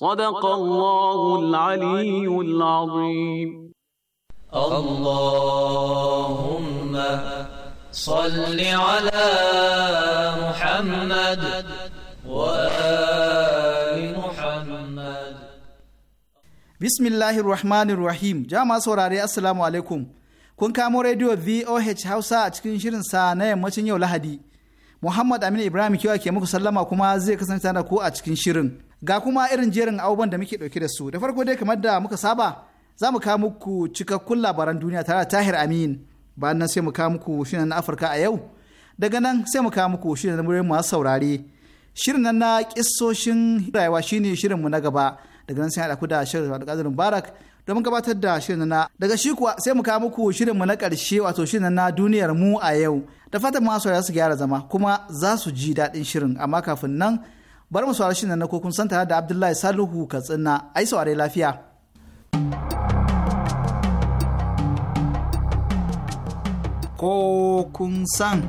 صدق الله العلي العظيم اللهم صل على محمد وآل محمد بسم الله الرحمن الرحيم جama'a saurare assalamu alaikum kun kamo rediyo VOH Hausa a cikin shirin sa na yammacin yau Lahadi Muhammad Aminu Ibrahim kewa ke muku sallama kuma zai kasance da ku a cikin shirin ga kuma irin jerin abubuwan da muke ɗauke da su da farko dai kamar da muka saba za mu kawo muku cikakkun labaran duniya tare da tahir amin bayan nan sai mu kawo muku shirin na afirka a yau daga nan sai mu kawo muku shirin na murin masu saurare shirin nan na kissoshin rayuwa shine shirinmu na gaba daga nan sai haɗa ku da shirin da mubarak barak domin gabatar da shirin na daga shi kuwa sai mu kawo muku shirin mu na ƙarshe wato shirin na duniyar mu a yau da fatan masu su gyara zama kuma za su ji daɗin shirin amma kafin nan bari mu saurari na na kun santa da Abdullahi Salihu Katsina ai saurari lafiya. kun san.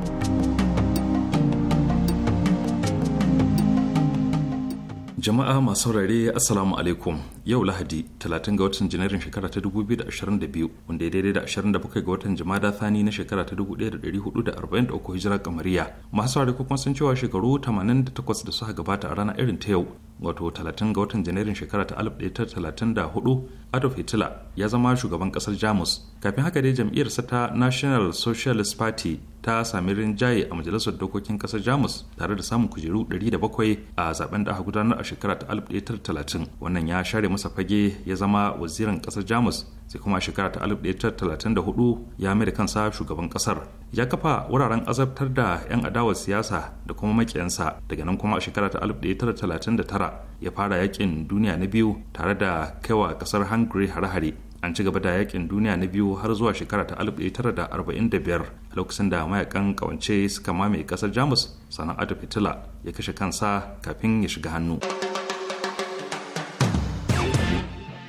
Jama'a masu saurare Assalamu alaikum. yau lahadi 30 ga watan janairun shekara ta 2022 wanda ya daidai da 27 ga watan jimada thani na shekara ta 1443 hijira kamariya masu saurari kuma sun cewa shekaru 88 da suka gabata a ranar irin ta yau wato 30 ga watan janairun shekara ta 1934 adolf hitler ya zama shugaban kasar jamus kafin haka dai jam'iyyar ta national socialist party ta sami rinjaye a majalisar dokokin kasar jamus tare da samun kujeru 700 a zaben da aka gudanar a shekara ta 1930 wannan ya share masa fage ya zama waziran kasar jamus sai kuma a shekara ta 1934 ya mai da kansa shugaban kasar ya kafa wuraren azabtar da 'yan adawar siyasa da kuma makiyansa daga nan kuma a shekara ta 1939 ya fara yakin duniya na biyu tare da kaiwa kasar hungary hare-hare an ci gaba da yakin duniya na biyu har zuwa shekara ta 1945 lokacin da mayakan kawance suka mame kasar jamus sannan adolf hitler ya kashe kansa kafin ya shiga hannu.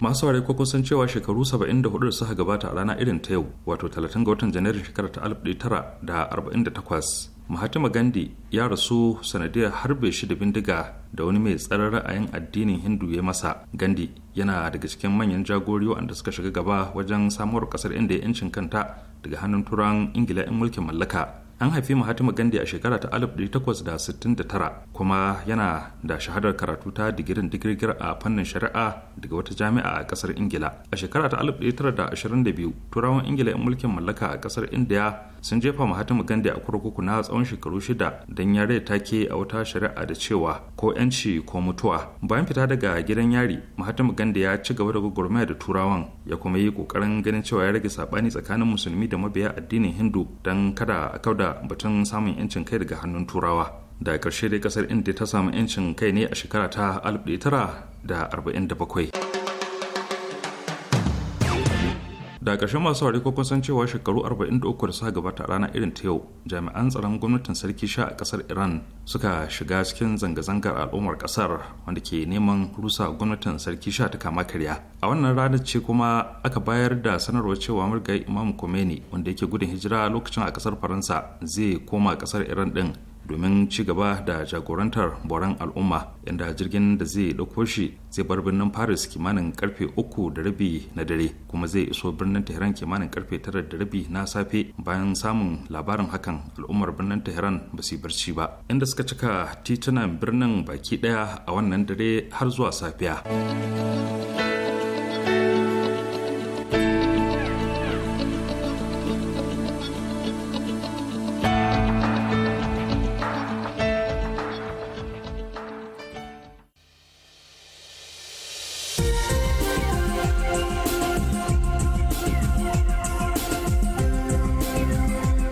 masu ware ko kusan cewa shekaru 74 suka gabata a rana irin ta yau wato 30 ga watan janairun shekarar ta 1948 Mahatma Gandhi ya rasu sanadiyar harbe shi da bindiga da wani mai tsarar ra'ayin addinin Hindu ya masa. Gandhi yana daga cikin manyan jagori waɗanda suka shiga gaba wajen samuwar kasar inda ya 'yancin kanta daga hannun turan Ingila in mulkin mallaka. an haifi mahatma gandhi a shekara ta 1869 kuma yana da shahadar karatu ta digirin digirgir a fannin shari'a daga wata jami'a a kasar ingila a shekara ta 1922 turawan ingila 'yan mulkin mallaka a kasar india sun jefa Mahatma Gandhi a kurkuku na tsawon shekaru shida don ya rai take a wata shari'a da cewa ko yanci ko mutuwa. Bayan fita daga gidan yari, Mahatma Gandhi ya ci gaba da gwagwarmaya da Turawan ya kuma yi kokarin ganin cewa ya rage sabani tsakanin musulmi da mabiya addinin Hindu don kada a kauda batun samun yancin kai daga hannun Turawa. Da ƙarshe dai kasar India ta samu yancin kai ne a shekara ta 1947. da ƙarshen masu wari kun san cewa shekaru 43 da suka gabata rana irin ta yau jami'an tsaron gwamnatin sarki sha a ƙasar iran suka shiga cikin zanga-zangar al'ummar ƙasar wanda ke neman rusa gwamnatin sarki sha ta kama karya a wannan ranar ce kuma aka bayar da sanarwar cewa murgai imam khomeini wanda yake gudun hijira lokacin a ƙasar faransa zai koma ƙasar iran din domin ci gaba da jagorantar boran al'umma inda jirgin da zai ɗauko shi zai bar birnin paris kimanin karfe uku da rabi na dare kuma zai iso birnin tehran kimanin karfe tara da rabi na safe bayan samun labarin hakan al'ummar birnin tehran ba su barci ba inda suka cika titunan birnin baki ɗaya a wannan dare har zuwa safiya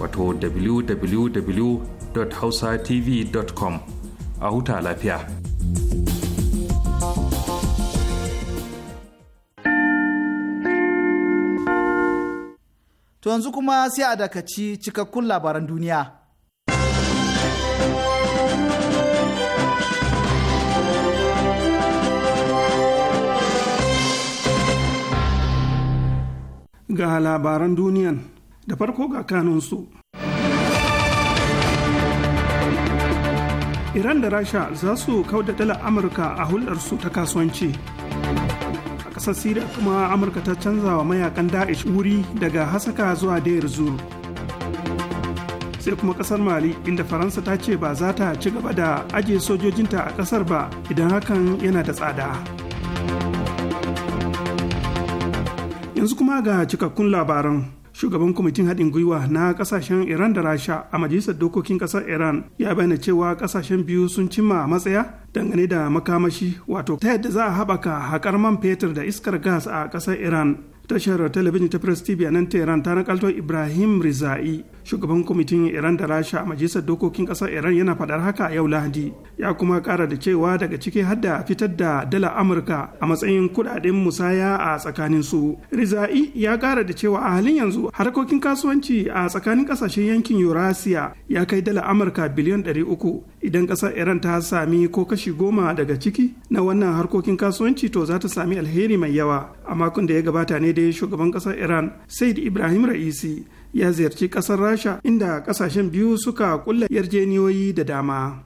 wato www.hausatv.com a huta lafiya. To yanzu kuma sai a dakaci cikakkun labaran duniya. Ga labaran duniyan da farko ga kanunsu. Iran da Rasha za su kauda dalar Amurka a hulɗarsu ta kasuwanci. A ƙasar Siriya kuma Amurka ta canza wa mayakan Da'ish wuri daga Hasaka zuwa Deir Zur. Sai kuma ƙasar Mali inda Faransa ta ce ba za ta ci gaba da ajiye sojojinta a ƙasar ba idan hakan yana da tsada. Yanzu kuma ga cikakkun labaran. shugaban kwamitin haɗin gwiwa na ƙasashen iran da rasha a majalisar dokokin ƙasar iran ya bayyana cewa ƙasashen biyu sun cimma matsaya dangane da makamashi wato ta yadda za a haɓaka haƙar man fetur da iskar gas a ƙasar iran tashar talabijin ta press tv a nan tehran ta nakalto ibrahim rizai shugaban kwamitin iran da rasha a majalisar dokokin kasar iran yana fadar haka a yau lahadi ya kuma kara da cewa daga ciki har da fitar da dala amurka a matsayin kudaden musaya a tsakanin su rizai ya kara da cewa a halin yanzu harkokin kasuwanci a tsakanin kasashen yankin eurasia ya kai dala amurka biliyan ɗari uku idan ƙasar iran ta sami ko kashi goma daga ciki na wannan harkokin kasuwanci to za ta sami alheri mai yawa a makon da ya gabata ne dai shugaban ƙasar iran said ibrahim ra'isi ya ziyarci kasar rasha inda kasashen biyu suka kulla yarjeniyoyi da dama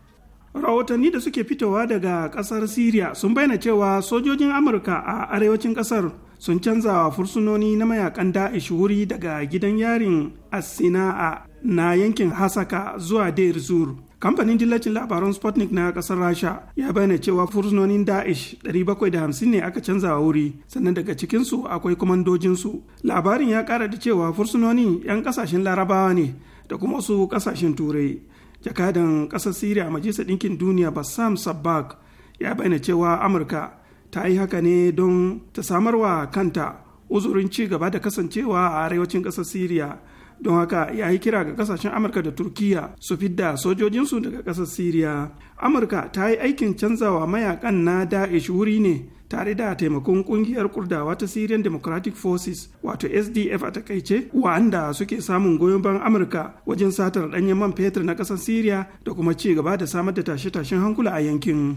rahotanni da suke fitowa daga kasar syria sun bayyana cewa sojojin amurka a arewacin kasar sun canza wa fursunoni na mayakan da'ish wuri daga gidan yarin assinaa na yankin hasaka zuwa deir zur kamfanin dillacin labaran sputnik na kasar rasha ya bayyana cewa fursunonin daesh 750 ne aka canza wa wuri sannan daga cikinsu akwai kwamandojinsu labarin ya kara da cewa fursunonin 'yan kasashen larabawa ne da kuma wasu kasashen turai jakadan kasar syria majalisar ɗinkin duniya bassam sabbak ya bayyana cewa amurka ta yi haka ne don ta samarwa kanta uzurin ci gaba da kasancewa a arewacin kasar syria don haka ya yi kira ga kasashen amurka da turkiya su fidda sojojinsu daga ƙasar siriya amurka ta yi aikin canzawa mayakan na daesh wuri ne tare da taimakon kungiyar kurdawa ta syrian democratic forces wato sdf a takaice wa'anda suke samun goyon bayan amurka wajen satar danyen man fetur na ƙasar siriya da kuma ci gaba da samar da tashe-tashen hankula a yankin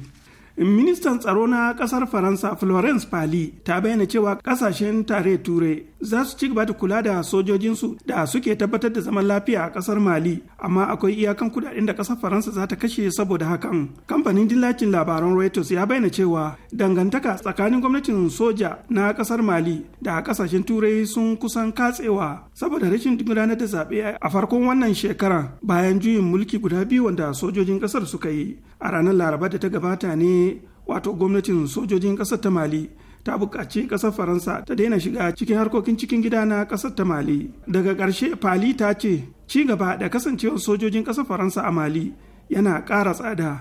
ministan tsaro na kasar faransa florence pali ta bayyana cewa kasashen tare turai za su ci gaba da kula da sojojinsu da suke tabbatar da zaman lafiya a kasar mali amma akwai iyakan kudaden da kasar faransa za ta kashe saboda hakan kamfanin dillacin labaran reuters ya bayyana cewa dangantaka tsakanin gwamnatin soja na kasar mali da kasashen turai sun kusan katsewa saboda rashin gudanar da zaɓe a farkon wannan shekara bayan juyin mulki guda biyu wanda sojojin kasar suka yi a ranar laraba da ta gabata ne wato gwamnatin sojojin kasar ta mali ta buƙaci ƙasar faransa ta daina shiga cikin harkokin cikin gida na ƙasar ta mali daga ƙarshe Pali ta ce ci gaba da kasancewar sojojin ƙasar faransa a mali yana ƙara tsada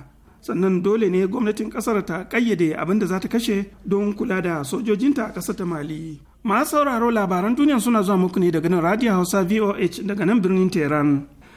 sannan dole ne gwamnatin ƙasar ta ƙayyade abin da za ta kashe don kula da sojojinta a ƙasar ta mali masu sauraro labaran duniya suna zuwa muku ne daga nan radio hausa voh daga nan birnin Teran.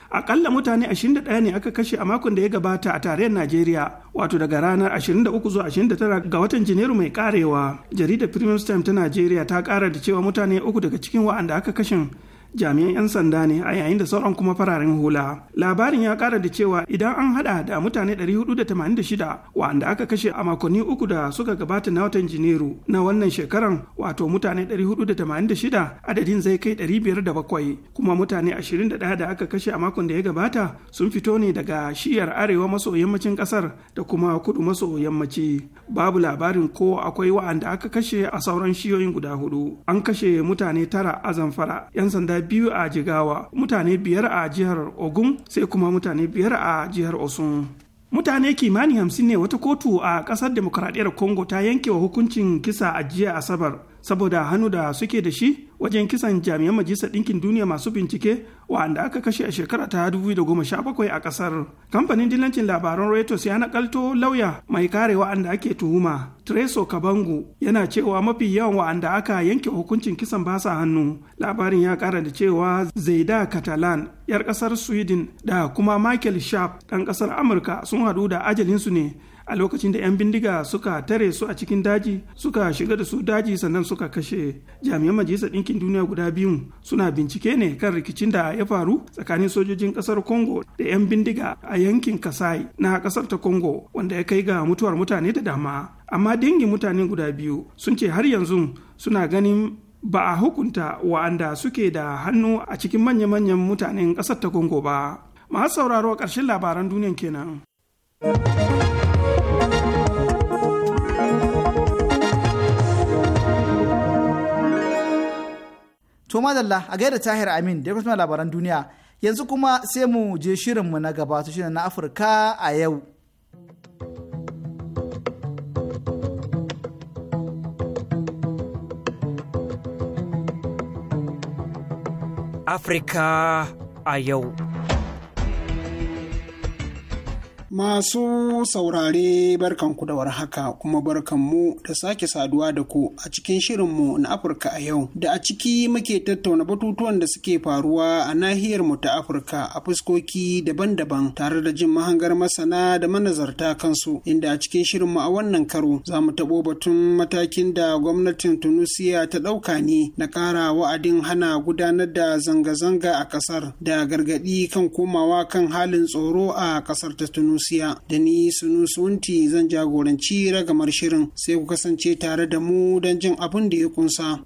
akalla mutane 21 ne aka kashe a makon da ya gabata a tarayyar Najeriya wato daga ranar 23 zuwa 29 ga watan Janairu mai karewa. Jaridar Premium Time ta Najeriya ta kara da cewa mutane uku daga cikin waɗanda aka kashe jami'an 'yan sanda ne a yayin da sauran kuma fararen hula labarin ya kara da cewa idan an hada da mutane 486 wanda aka kashe a makonni uku da suka gabata na watan janairu na wannan shekaran wato mutane 486 adadin zai kai 507 kuma mutane 21 da aka kashe a makon da ya gabata sun fito ne daga shiyar arewa maso yammacin kasar da kuma kudu maso yammaci babu labarin ko akwai wa'anda aka kashe a sauran shiyoyin guda hudu an kashe mutane tara a zamfara 'yan sanda biyu a jigawa mutane biyar a jihar ogun sai kuma mutane biyar a jihar osun mutane kimanin hamsin ne wata kotu a kasar demokradiyyar congo ta yanke wa hukuncin kisa a jiya asabar saboda hannu da suke da shi wajen kisan jami'an majalisar ɗinkin duniya masu bincike wa'anda aka kashe a shekara ta 2017 a ƙasar. Kamfanin dilancin labaran Reuters ya naƙalto lauya mai kare wa'anda ake tuhuma. Treso Kabangu yana cewa mafi yawan wa'anda aka yanke hukuncin kisan ba sa hannu. Labarin ya ƙara da cewa Zaida Catalan, 'yar ƙasar Sweden da kuma Michael Sharp, ɗan ƙasar Amurka sun haɗu da ajalinsu ne a lokacin da 'yan bindiga suka tare su a cikin daji suka shiga da su daji sannan suka kashe jami'an majalisar ɗinkin duniya guda biyu suna bincike ne kan rikicin da ya faru tsakanin sojojin ƙasar congo da 'yan bindiga a yankin kasai na ƙasar ta congo wanda ya kai ga mutuwar mutane da dama amma dangin mutane guda biyu sun ce har yanzu suna ganin ba a hukunta wa'anda suke da hannu a cikin manya-manyan mutanen ƙasar ta congo ba masu sauraro ƙarshen labaran duniyan kenan. To madalla a gaida Tahir Amin da kuma labaran duniya. Yanzu kuma sai mu je shirinmu na gaba to shirin na Afirka a yau. Afirka a yau. Masu saurare barkanku da warhaka kuma barkanmu da sake saduwa da ku a cikin shirinmu na Afirka a yau da a ciki muke tattauna batutuwan da suke faruwa a nahiyar mu ta Afirka a fuskoki daban-daban tare da jin mahangar masana da manazarta kansu inda a cikin shirinmu a wannan karo za mu taɓo batun matakin da gwamnatin Tunusiya ta ɗauka ne na ƙara wa'adin hana gudanar da zanga-zanga a ƙasar da gargaɗi kan komawa kan halin tsoro a ƙasar ta Tunusiya. Rusiya. da ni Sunusunti zan jagoranci ragamar shirin sai ku kasance tare da mu don jin abin da ya kunsa.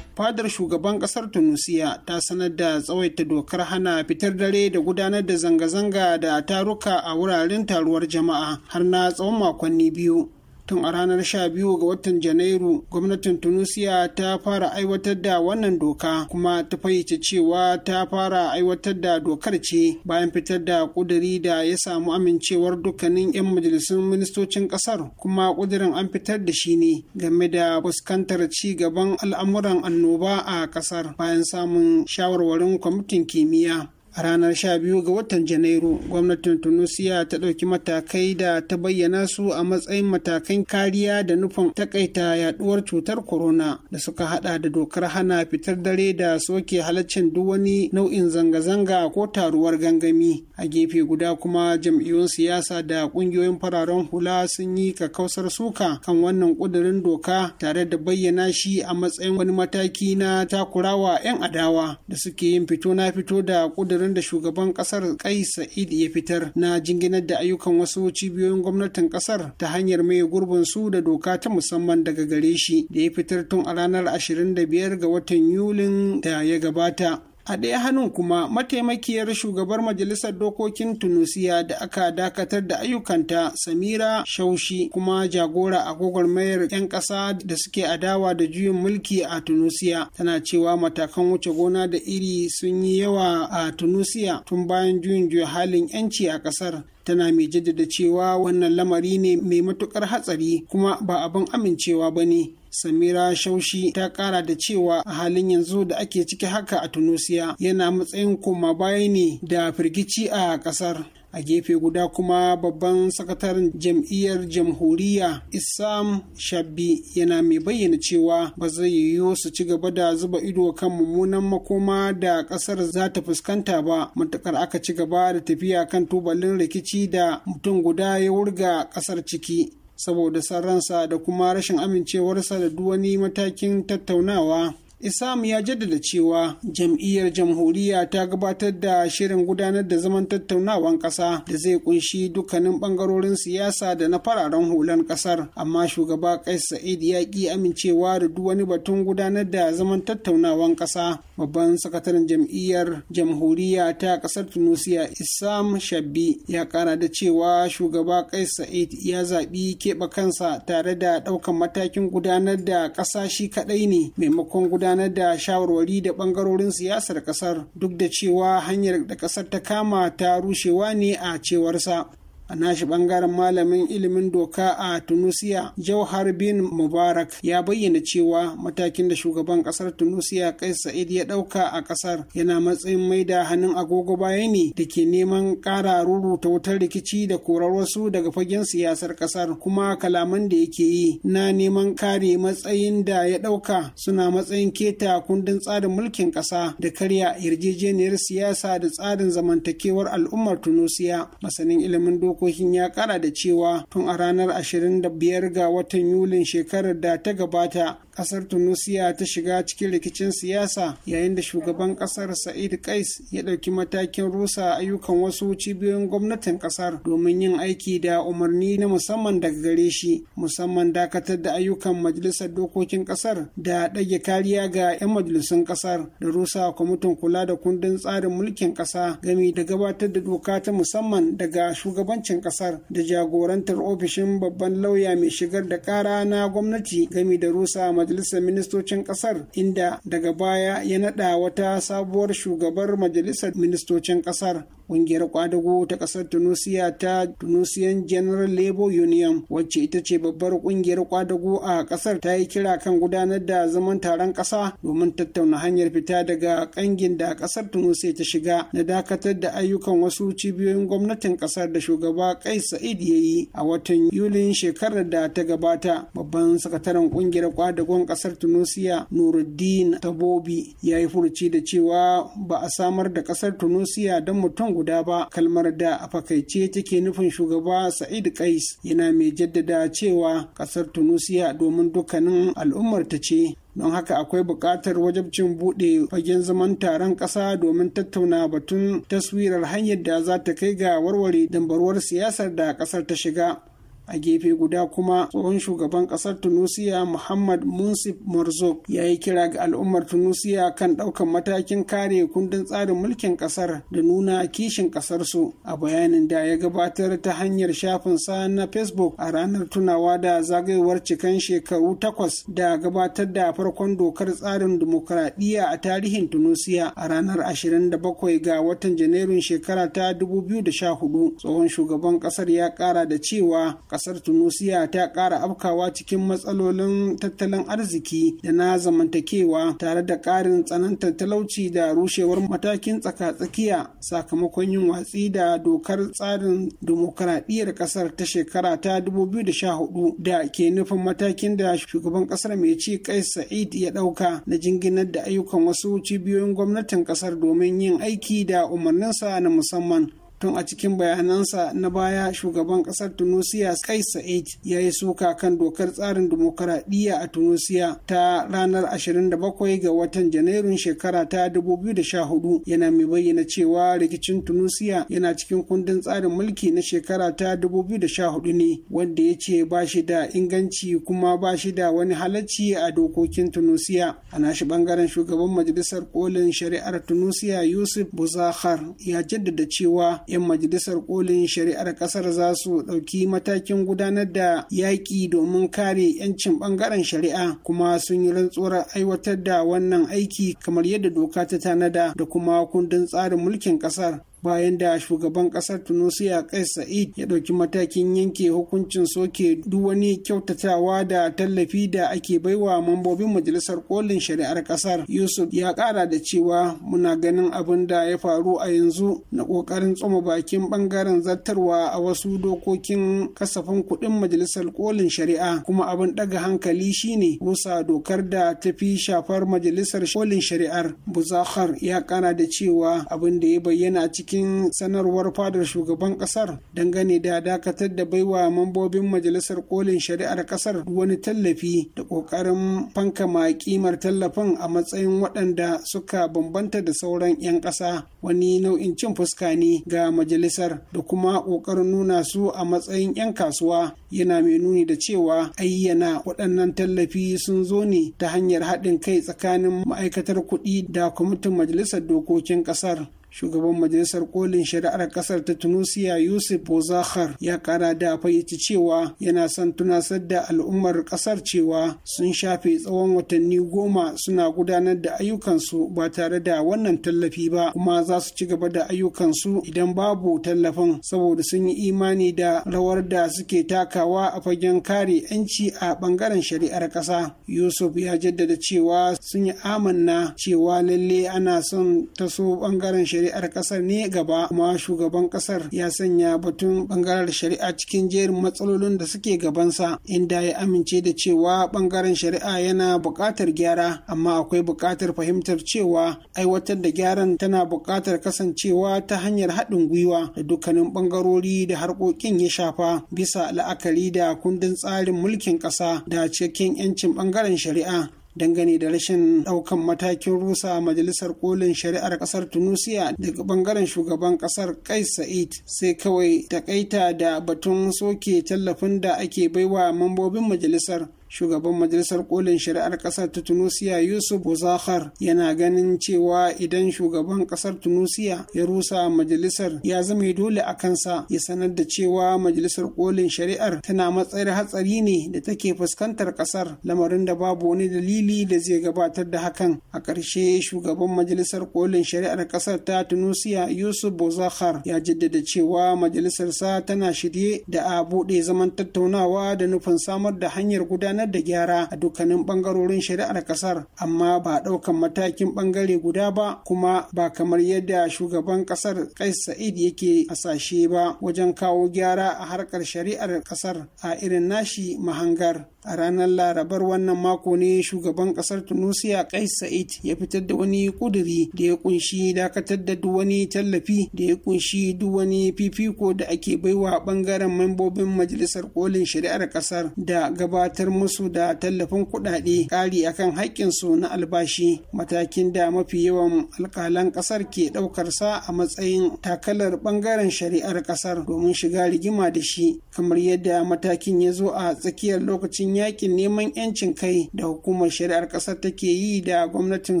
fadar shugaban kasar tunisia ta sanar da tsawaita dokar hana fitar dare da gudanar da zanga-zanga da taruka a wuraren taruwar jama'a har na tsawon makonni biyu tun a ranar 12 ga watan janairu gwamnatin tunisia ta fara aiwatar da wannan doka kuma ta fayyace cewa ta fara aiwatar da dokar ce bayan fitar da kuduri da ya samu amincewar dukkanin 'yan majalisun ministocin kasar kuma kudirin an fitar da shi ne game da fuskantar ci gaban al'amuran annoba a kasar bayan samun shawarwarin kwamitin kimiyya a ranar 12 ga watan janairu gwamnatin tunisia ta ɗauki matakai da ta bayyana su a matsayin matakan kariya da nufin takaita yaduwar cutar corona da suka hada da dokar hana fitar dare da soke halaccin duk wani nau'in zanga-zanga ko taruwar gangami a gefe guda kuma jam'iyyun siyasa da ƙungiyoyin fararen hula sun yi kakausar suka kan wannan ƙudurin doka tare da bayyana shi a matsayin wani mataki na takurawa 'yan adawa da suke yin fito na fito da ƙudurin labarin da shugaban kasar kai sa'id ya fitar na jinginar da ayyukan wasu cibiyoyin gwamnatin kasar ta hanyar mai gurbin su da doka ta musamman daga gare shi da ya fitar tun a ranar 25 ga watan yulin da ya gabata a ɗaya hannun kuma mataimakiyar shugabar majalisar dokokin tunisiya da aka dakatar da ayyukanta samira shaushi kuma jagora a mayar 'yan ƙasa da suke adawa da juyin mulki a tunisiya tana cewa matakan wuce gona da iri sun yi yawa a tunisiya tun bayan juyin juya halin 'yanci a ƙasar tana mai jaddada cewa wannan lamari ne mai matuƙar hatsari kuma ba abin amincewa ba ne samira shaushi ta kara da cewa a halin yanzu da ake ciki haka a tunisia yana matsayin koma baya ne da firgici a kasar a gefe guda kuma babban sakataren jam'iyyar jamhuriya isam shabbi yana mai bayyana cewa ba zai yiwu su ci gaba da zuba ido kan mummunan makoma da kasar za ta fuskanta ba matukar aka ci gaba da tafiya kan tubalin rikici da mutum guda ya wurga kasar ciki saboda sarransa da kuma rashin amincewarsa da duk wani matakin tattaunawa Isam ya jaddada cewa jam'iyyar jamhuriya ta gabatar da shirin gudanar da zaman tattaunawan ƙasa da zai kunshi dukkanin ɓangarorin siyasa da na fararen hulan ƙasar, amma shugaba Kais Sa'id ya ƙi amincewa da duk wani batun gudanar da zaman tattaunawan ƙasa. Babban sakataren jam'iyyar jamhuriya ta ƙasar Tunisia Isam Shabbi ya ƙara da cewa shugaba Kais Sa'id ya zaɓi keɓe kansa tare da ɗaukan matakin gudanar da ƙasa shi kaɗai ne maimakon gudanar gudanar da shawarwari da bangarorin siyasar kasar duk da cewa hanyar da kasar ta kama ta rushewa ne a cewarsa a nashi bangaren malamin ilimin doka a tunisia jauhar bin mubarak ya bayyana cewa matakin da shugaban kasar tunisia kai sa'id ya dauka a kasar yana matsayin mai da hannun agogo baya ne da ke neman kara ruruta wutar rikici da korar wasu daga fagen siyasar kasar kuma kalaman da yake yi na neman kare matsayin da ya dauka suna matsayin keta kundin tsarin mulkin kasa da karya yarjejeniyar siyasa da tsarin zamantakewar al'ummar tunisia masanin ilimin doka harkokin ya kara da cewa tun a ranar 25 ga watan yulin shekarar da ta gabata kasar tunisia ta shiga cikin rikicin siyasa yayin da shugaban kasar sa'id kais ya ɗauki matakin rusa ayyukan wasu cibiyoyin gwamnatin kasar domin yin aiki da umarni na musamman daga gare shi musamman dakatar da ayyukan majalisar dokokin kasar da ɗage kariya ga 'yan majalisun kasar da rusa kwamitin kula da kundin tsarin mulkin ƙasa gami da gabatar da doka ta musamman daga shugabancin shugabancin kasar da jagorantar ofishin babban lauya mai shigar da kara na gwamnati gami da rusa majalisar ministocin kasar inda daga baya ya nada wata sabuwar shugabar majalisar ministocin kasar Ƙungiyar kwadago ta ƙasar Tunusiya ta Tunusian General Labour Union wacce ita ce babbar ƙungiyar kwadago a ƙasar ta yi kira kan gudanar da zaman taron ƙasa domin tattauna hanyar fita daga ƙangin da ƙasar Tunusiya ta shiga na dakatar da ayyukan wasu cibiyoyin gwamnatin ƙasar da shugaba kai Sa'id ya yi a watan Yulin shekarar da ta gabata. Babban sakataren ƙungiyar kwadagon ƙasar Tunusiya Nuruddin Tabobi ya yi furuci da cewa ba a samar da ƙasar Tunusiya don mutum guda ba kalmar da a fakaice take nufin shugaba sa'id kais yana mai jaddada cewa kasar tunisia domin dukkanin al'ummar ta ce don haka akwai buƙatar wajabcin buɗe fagen zaman taron ƙasa domin tattauna batun taswirar hanyar da za ta kai ga warware dambarwar siyasar da ƙasar ta shiga a gefe guda kuma tsohon shugaban kasar tunisia muhammad munsif marzouk ya yi kira ga al'ummar tunisia kan ɗaukan matakin kare kundin tsarin mulkin kasar da nuna kishin kasarsu a bayanin da ya gabatar ta hanyar shafin sa na facebook a ranar tunawa da zagayowar cikan shekaru takwas da gabatar da farkon dokar tsarin dimokuraɗiyya a tarihin tunisia a ranar 27 ga watan janairun shekara ta 2014 tsohon shugaban kasar ya kara da cewa kasar tunisia ta ƙara afkawa cikin matsalolin tattalin arziki da na zamantakewa tare da ƙarin tsanantar talauci da rushewar matakin tsaka-tsakiya sakamakon yin watsi da dokar tsarin dimokuraɗiyyar kasar ta shekara ta 2014 da ke nufin matakin da shugaban kasar mai ci kai sa'id ya ɗauka na jinginar da ayyukan wasu cibiyoyin gwamnatin kasar domin yin aiki da umarninsa na musamman tun a cikin bayanansa na baya shugaban kasar tunisia kai sa'id ya yi suka kan dokar tsarin dimokuraɗiyya a tunisia ta ranar 27 ga watan janairun shekara ta 2014 yana mai bayyana cewa rikicin tunisia yana cikin kundin tsarin mulki na shekara ta 2014 ne wanda ya ce ba shi da inganci kuma ba shi da wani halacci a dokokin tunisia a nashi bangaren shugaban majalisar kolin shari'ar tunisia yusuf buzakhar ya jaddada cewa 'yan majalisar kolin shari'ar kasar za su ɗauki matakin gudanar da yaƙi domin kare 'yancin ɓangaren shari'a kuma sun yi rantsuwar aiwatar da wannan aiki kamar yadda doka ta tanada da kuma kundin tsarin mulkin ƙasar. bayan da shugaban kasar tunisia kais sa'id ya ɗauki matakin yanke hukuncin soke duk wani kyautatawa da tallafi da ake baiwa mambobin majalisar kolin shari'ar kasar yusuf ya ƙara da cewa muna ganin abin da ya faru a yanzu na ƙoƙarin tsoma bakin ɓangaren zartarwa a wasu dokokin kasafin kuɗin majalisar kolin shari'a kuma abin ɗaga hankali shine rusa dokar da ta fi shafar majalisar kolin shari'ar buzakhar ya ƙara da cewa abin da ya bayyana cikin cikin sanarwar fadar shugaban kasar dangane da dakatar da baiwa mambobin majalisar kolin shari'ar kasar wani tallafi da kokarin ma kimar tallafin a matsayin waɗanda suka bambanta da sauran 'yan ƙasa wani nau'in cin fuska ne ga majalisar da kuma kokarin nuna su a matsayin 'yan kasuwa yana mai nuni da cewa ayyana waɗannan tallafi sun zo ne ta hanyar haɗin kai tsakanin ma'aikatar kuɗi da kwamitin majalisar dokokin ƙasar shugaban majalisar kolin shari'ar kasar ta tunisia yusuf bozakhar ya kara da fayyace cewa yana son tunasar da al'ummar kasar cewa sun shafe tsawon watanni goma suna gudanar da ayyukansu ba tare da wannan tallafi ba kuma za su ci gaba da ayyukansu idan babu tallafin saboda sun yi imani da rawar da suke takawa a fagen kare 'yanci a bangaren shari'ar kasa yusuf ya jaddada cewa sun yi amanna cewa lalle ana son taso bangaren shari'ar shari'ar kasar ne gaba kuma shugaban kasar ya sanya batun bangaren shari'a cikin jerin matsalolin da suke gabansa inda ya amince da cewa bangaren shari'a yana buƙatar gyara amma akwai buƙatar fahimtar cewa aiwatar da gyaran tana buƙatar kasancewa ta hanyar haɗin gwiwa da dukkanin bangarori da harkokin ya shafa bisa la'akari da kundin tsarin mulkin ƙasa da cikakken 'yancin bangaren shari'a dangane da rashin ɗaukan matakin rusa a majalisar kolin shari'ar ƙasar tunisia daga bangaren shugaban ƙasar kais sa'id sai kawai takaita da batun soke tallafin da ake baiwa mambobin majalisar shugaban majalisar kolin shari'ar kasar ta tunisia yusuf buzakhar yana ganin cewa idan shugaban kasar tunisia ya rusa majalisar ya zama dole a kansa ya sanar da cewa majalisar kolin shari'ar tana matsayar hatsari ne da take fuskantar kasar lamarin da babu wani dalili da zai gabatar da hakan a ƙarshe shugaban majalisar kolin shari'ar kasar ta tunisia yusuf Bozakhar ya jaddada cewa majalisar sa tana shirye da a buɗe zaman tattaunawa da nufin samar da hanyar gudanar gudanar da gyara a dukkanin bangarorin shari'ar kasar amma ba ɗaukan matakin bangare guda ba kuma ba kamar yadda shugaban kasar kais sa'id yake hasashe ba wajen kawo gyara a harkar shari'ar kasar a irin nashi mahangar a ranar larabar wannan mako ne shugaban kasar tunisia kais sa'id ya fitar da wani kuduri da ya kunshi dakatar da duk wani tallafi da ya kunshi duk wani fifiko da ake baiwa bangaren membobin majalisar kolin shari'ar kasar da gabatar musu da tallafin kuɗaɗe ƙari akan haƙƙinsu na albashi matakin da mafi yawan alƙalan kasar ke ɗaukarsa a matsayin takalar bangaren shari'ar kasar domin shiga rigima da shi kamar yadda matakin ya zo a tsakiyar lokacin yakin neman 'yancin kai da hukumar shari'ar ƙasar take yi da gwamnatin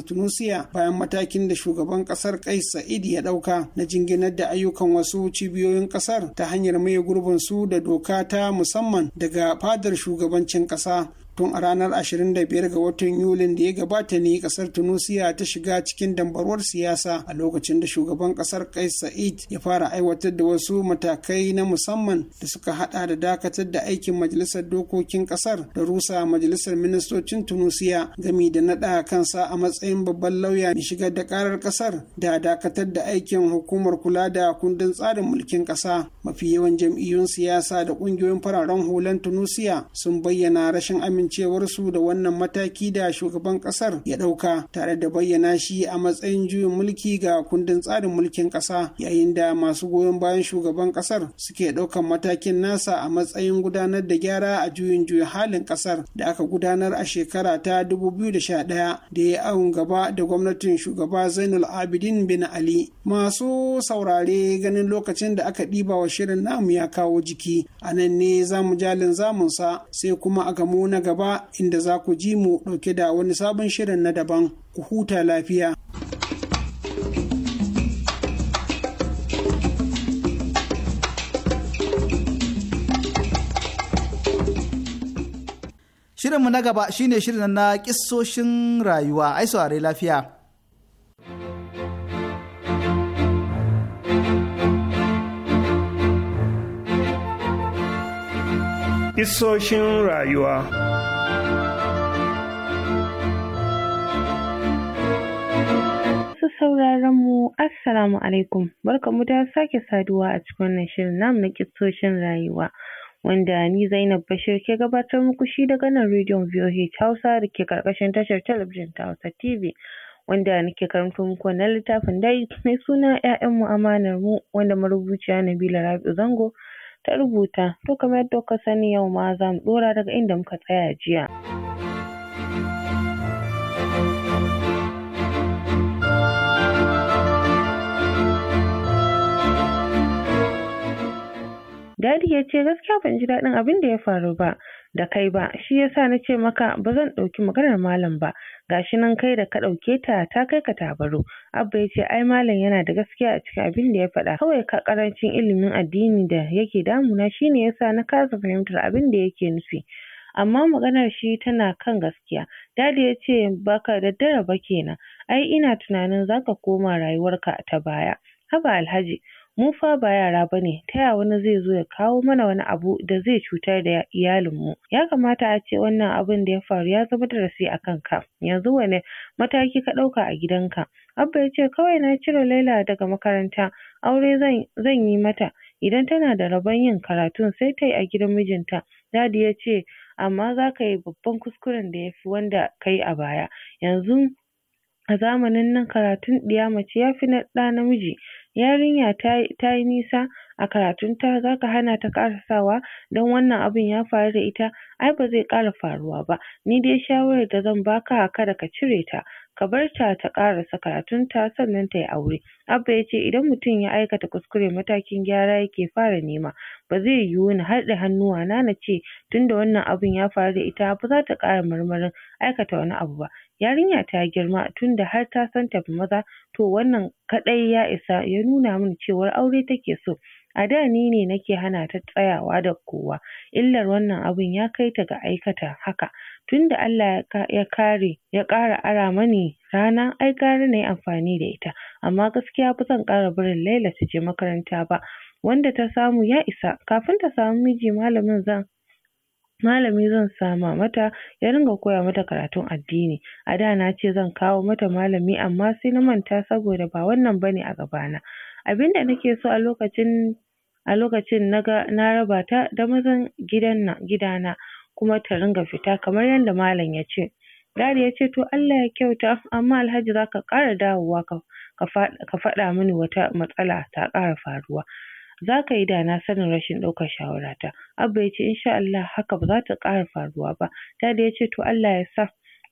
tunisia bayan matakin da shugaban kasar kai sa'id ya ɗauka na jinginar da ayyukan wasu cibiyoyin kasar ta hanyar maye gurbin su da doka ta musamman daga fadar shugabancin kasa. tun a ranar 25 ga watan yulin da ya gabata ne kasar tunisia ta shiga cikin dambarwar siyasa a lokacin da shugaban kasar kais sa'id ya fara aiwatar da wasu matakai na musamman da suka hada da dakatar da aikin majalisar dokokin kasar da rusa majalisar ministocin tunisia gami da nada kansa a matsayin babban lauya mai shigar da karar kasar da dakatar da aikin hukumar kula da kundin tsarin mulkin kasa mafi yawan jam'iyyun siyasa da kungiyoyin fararen hulan tunisia sun bayyana rashin amin amincewarsu da wannan mataki da shugaban kasar ya ɗauka tare da bayyana shi a matsayin juyin mulki ga kundin tsarin mulkin ƙasa yayin da masu goyon bayan shugaban ƙasar suke ɗaukan matakin nasa a matsayin gudanar da gyara a juyin juyin halin ƙasar da aka gudanar a shekara ta 2011 da ya awon gaba da gwamnatin shugaba zainul abidin bin ali masu saurare ganin lokacin da aka ɗiba wa shirin namu ya kawo jiki a nan ne zamu jalin zamunsa sai kuma a gamu na gaba gaba inda za ku ji mu ɗauke da wani sabon shirin na daban ku huta lafiya. Shirinmu na gaba shine shirin na ƙisoshin rayuwa, ai saurari lafiya. Ƙisoshin rayuwa. sauraron mu Assalamu alaikum mu da sake saduwa a cikin wannan shirin namu na kitsoshin rayuwa wanda ni Zainab Bashir ke gabatar muku shi daga nan rediyon VOH Hausa da ke karkashin tashar talabijin ta Hausa TV wanda nake karanto muku wannan littafin dai mai suna ƴaƴan mu amanar mu wanda marubuciya Nabila Rabi'u Zango ta rubuta to kamar yadda kuka sani yau ma za mu ɗora daga inda muka tsaya jiya. Dadi ya ce gaskiya ban ji daɗin abin da ya faru ba da kai ba shi yasa na ce maka ba zan ɗauki maganar malam ba gashi nan kai da ka ɗauke ta ta kai ka tabaru abba ya ce ai malam yana da gaskiya a cikin abin da ya faɗa kawai ka ƙarancin ilimin addini da yake damuna shine yasa na kasa fahimtar abin da yake nufi amma maganar shi tana kan gaskiya dadi ya ce baka daddare ba kenan ai ina tunanin za ka koma rayuwarka ta baya haba alhaji mu fa ba yara ba ne ta ya wani zai zo ya kawo mana wani abu da zai cutar da iyalinmu ya kamata a ce wannan abin da ya faru ya zama darasi a kanka yanzu wane mataki ka ɗauka a gidanka abba ya ce kawai na cire laila daga makaranta aure zan yi mata idan tana da rabon yin karatun sai ta yi a gidan mijinta dadi ya ce amma za ka yi babban kuskuren da ya fi wanda ka yi a baya yanzu a zamanin nan karatun ɗiya mace ya fi na ɗa namiji yarinya tayi nisa a karatun karatunta zaka hana ta ƙarasawa don wannan abun ya faru da ita ai bazai ƙara faruwa ba ni dai shawarar da zan baka kada ka cire ta ka barta ta ƙarasa karatunta sannan tayi aure. Abba yace idan mutum ya aikata kuskure matakin gyara yake fara nema ba zai yiwu na hannuwa. hannuwana nace tunda wannan abun ya faru da ita ba zata ƙara marmarin aikata wani abu ba. Yarinya ta girma tunda har ta san tafi maza to wannan kaɗai ya isa ya nuna min cewar aure take so. A da ni ne nake hana ta tsayawa da kowa, illar wannan abun ya kai ta ga aikata haka, tunda Allah ya kare ya ƙara ara mani rana ai gara na yi amfani da ita, amma gaskiya ba zan ƙara barin Laila ta je makaranta ba, wanda ta samu ya isa, kafin ta samu miji malamin zan malami zan sama mata ya ringa koya mata karatun addini a da na ce zan kawo mata malami amma sai na manta saboda ba wannan bane a gabana abinda nake so a lokacin a lokacin na ga na raba ta da mazan gidan nan gidana kuma ta ringa fita kamar yadda malam ya ce. Dadi ya ce to Allah ya kyauta amma Alhaji za ka ƙara dawowa ka ka faɗa mini wata matsala ta ƙara faruwa. Za ka yi da na sanin rashin ɗaukar shawara ta? Abba ya ce insha Allah haka ba za ta ƙara faruwa ba. Dadi ya ce to Allah ya sa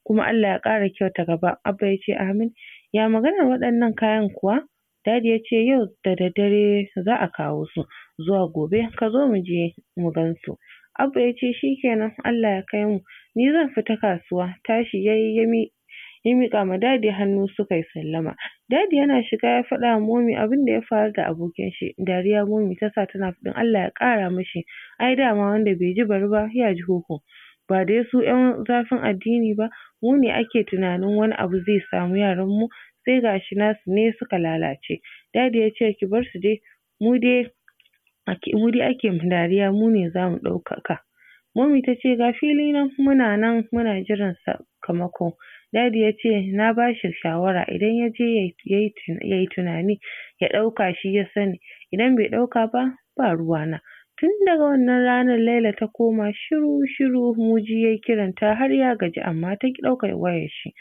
kuma Allah ya ƙara kyauta gaba. Abba ya ce amin. Ya maganar waɗannan kayan kuwa? Dadi ya ce yau da daddare za a kawo su. zuwa gobe ka zo mu je mu gan su. Abba ya ce shi kenan Allah ya kai mu, ni zan fita kasuwa, tashi ya yi ya miƙa ma dadi hannu suka yi sallama. Dadi yana shiga ya faɗa wa momi abin da ya faru da abokin shi, dariya momi ta sa tana faɗin Allah ya ƙara mishi, ai dama wanda bai ji bari ba ya ji hoho. Ba dai su ƴan zafin addini ba, mu ne ake tunanin wani abu zai samu yaran mu, sai gashi nasu ne suka lalace. Dadi ya ce ki bar su dai, mu dai wuri ake dariya mu ne za mu ɗaukaka. Momi ta ce ga fili nan muna nan muna jiran sakamako. Dadi ya ce na bashi shawara idan ya je ya yi tunani ya ɗauka shi ya sani, idan bai ɗauka ba, ba ruwana. Tun daga wannan ranar Laila ta koma shiru shiru Muji ya yi kiranta har ya gaji amma ta ƙi ɗaukar wayar shi.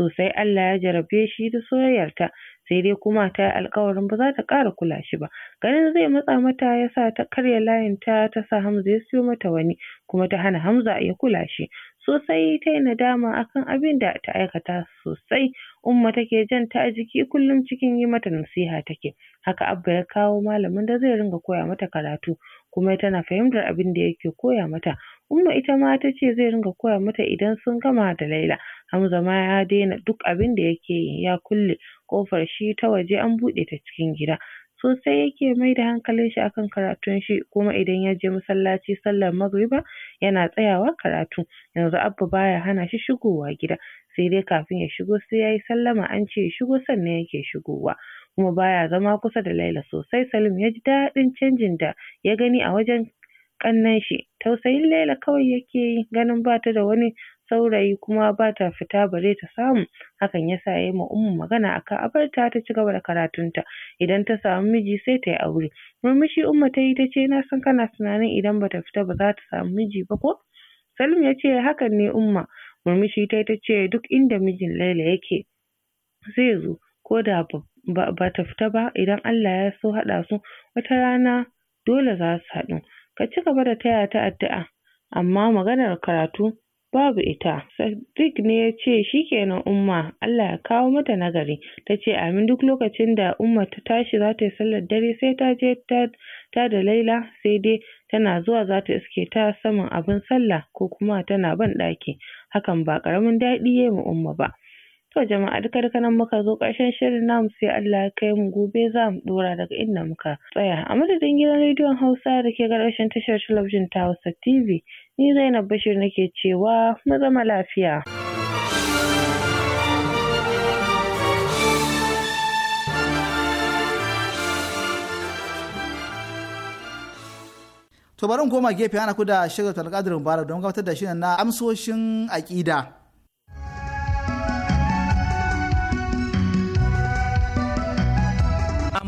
sosai Allah ya jarrabe shi da soyayyarta sai dai kuma ta yi alkawarin ba za ta ƙara kula shi ba ganin zai matsa mata ya sa ta karya layinta ta sa Hamza ya siyo mata wani kuma ta hana Hamza ya kula shi sosai ta yi nadama akan abin da ta aikata sosai Umma take jan ta a jiki kullum cikin yi mata nasiha take haka Abba ya kawo malamin da zai ringa koya mata karatu kuma tana fahimtar abin da yake koya mata Umma ita ma ta ce zai ringa koya mata idan sun gama da Laila. Hamza ma ya daina duk abin da yake yi ya kulle ƙofar shi ta waje an buɗe ta cikin gida. Sosai yake mai da hankalin shi akan karatun shi kuma idan ya je masallaci sallar magriba yana tsayawa karatu. Yanzu Abba baya hana shi shigowa gida sai dai kafin ya shigo sai ya yi sallama an ce ya shigo sannan yake shigowa. Kuma baya zama kusa da Laila sosai Salim ya ji daɗin canjin da ya gani a wajen Kannan shi tausayin Laila kawai yake yi ganin bata da wani saurayi kuma bata fita bare ta samu hakan yasa yayi ma Ummu magana akan a barta ta cigaba da karatunta idan ta samu miji sai tayi aure murmushi Umma tayi tace na san kana tunanin idan bata fita ba za ta samu miji ba ko Salim yace hakan ne Umma murmushi tayi tace duk inda mijin Laila yake zai zo ko da ba ta fita ba idan Allah ya so haɗa su wata rana dole za su haɗu Ka ci gaba da taya ta addu'a, amma maganar karatu babu ita. Sadiq ne ya ce shi kenan Umma, Allah ya kawo mata nagari. Ta ce amin duk lokacin da Umma ta tashi za ta yi sallar dare sai ta je ta da Laila sai dai tana zuwa za ta iske ta saman abin sallah ko kuma tana ban ɗaki. Hakan ba ƙaramin daɗi ya yi ma Umma ba. To jama'a duka duka nan muka zo ƙarshen shirin namu sai Allah ya kai mu gobe za mu ɗora daga inda muka tsaya. A madadin gidan rediyon Hausa da ke ƙarƙashin tashar talabijin ta Hausa TV, ni Zainab Bashir nake cewa mu zama lafiya. To bari koma gefe ana ku da shirin talqadir mubarak don gabatar da shirin na amsoshin aƙida.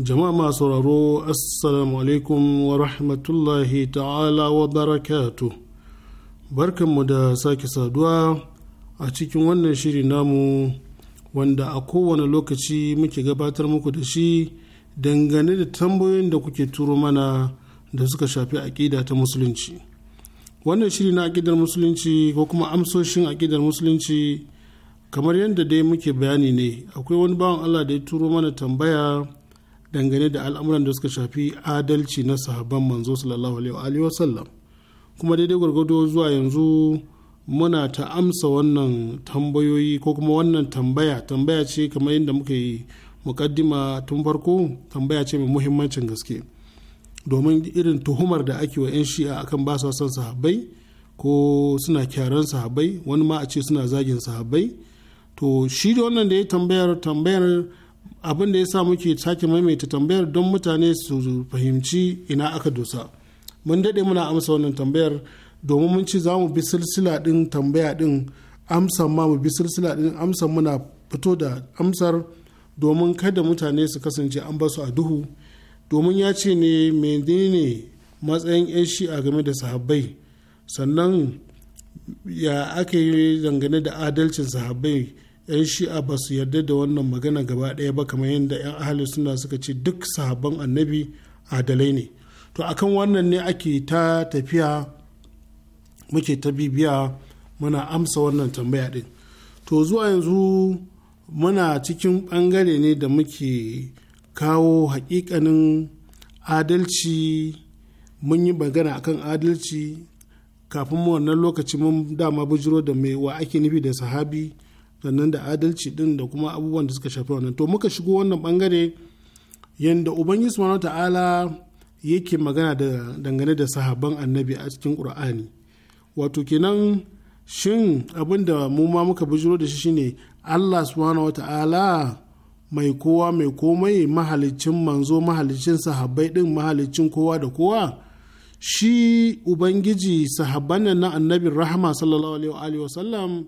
jama'a masu sauraro assalamu alaikum wa rahmatullahi ta'ala wa barakatu barkanmu da sake saduwa a cikin wannan shiri namu wanda a kowane lokaci muke gabatar muku da shi dangane da tambayoyin da kuke turo mana da suka shafi aƙida ta musulunci wannan shiri na aƙidar musulunci ko kuma amsoshin aƙidar musulunci kamar yadda dai muke bayani ne akwai wani bawan allah da ya turo mana tambaya dangane da al'amuran da suka shafi adalci na sahabban manzo sallallahu alaihi wa sallam kuma daidai gwargwado zuwa yanzu muna ta amsa wannan tambayoyi ko kuma wannan tambaya tambaya ce kamar yadda muka yi mukaddima tun farko tambaya ce mai muhimmancin gaske domin irin tuhumar da ake wa 'yan shi'a akan ba su son sahabbai ko suna kyaran sahabbai wani ma a ce suna zagin sahabbai to shi da wannan da ya tambayar tambayar abin da ya sa muke sake maimaita tambayar don mutane su fahimci ina aka dosa mun daɗe muna amsa wannan tambayar domin mun ci za mu bi silsila ɗin tambaya ɗin amsan ma mu bi silsila ɗin amsan muna fito da amsar domin kada mutane su kasance an basu a duhu domin ya ce ne menene matsayin 'yan shi'a game da sahabbai sannan ya aka yi dangane da adalcin sahabbai 'yan shi'a ba su yarda da wannan magana gaba ɗaya ba kamar yadda 'yan ahli suna suka ce duk sahabban annabi adalai ne to akan wannan ne ake ta tafiya muke ta bibiya muna amsa wannan tambaya ɗin to zuwa yanzu muna cikin ɓangare ne da muke kawo hakikanin adalci mun yi magana akan adalci kafin wannan lokaci mun dama bujiro da mai wa ake nufi da sahabi sannan da adalci din da kuma abubuwan da suka shafi wannan to muka shigo wannan bangare yadda ubangiji subhanahu ta'ala yake magana da dangane da sahabban annabi a cikin qur'ani wato kenan shin abin da mu ma muka bujiro da shi shine allah subhanahu ta'ala mai kowa mai komai mahalicin manzo mahalicin sahabbai din mahalicin kowa da kowa shi ubangiji sahabban nan na annabin rahama sallallahu alaihi wa sallam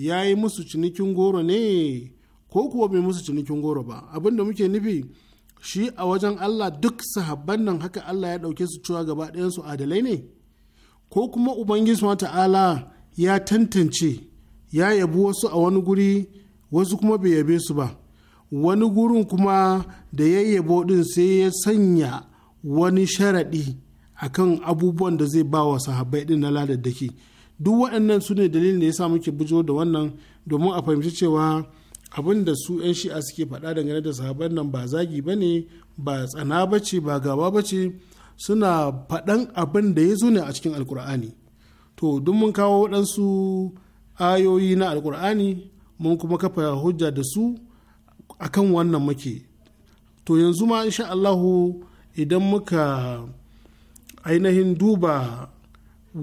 ya yi musu cinikin goro ne ko kuwa bai musu cinikin goro ba abin da muke nufi shi a wajen Allah duk sahabban nan haka Allah ya ɗauke su cewa gaba ɗayan su adalai ne ko kuma ubangiji wa ta'ala ya tantance ya yabi wasu a wani guri wasu kuma bai yabe su ba wani gurin kuma da ya yabo ɗin sai ya sanya wani sharaɗi akan abubuwan da zai ba wa sahabbai ɗin na ladaddaki duk waɗannan su ne dalilin da ya sa muke bujo da wannan domin a fahimci cewa abin da su 'yan shi'a suke faɗa dangane da sahaban nan ba zagi ba ne ba tsana ba ce ba gaba ba ce suna faɗan abin da ya zo ne a cikin alkur'ani to duk mun kawo waɗansu ayoyi na alkur'ani mun kuma kafa hujja da su akan wannan muke to yanzu ma insha Allahu idan muka ainihin duba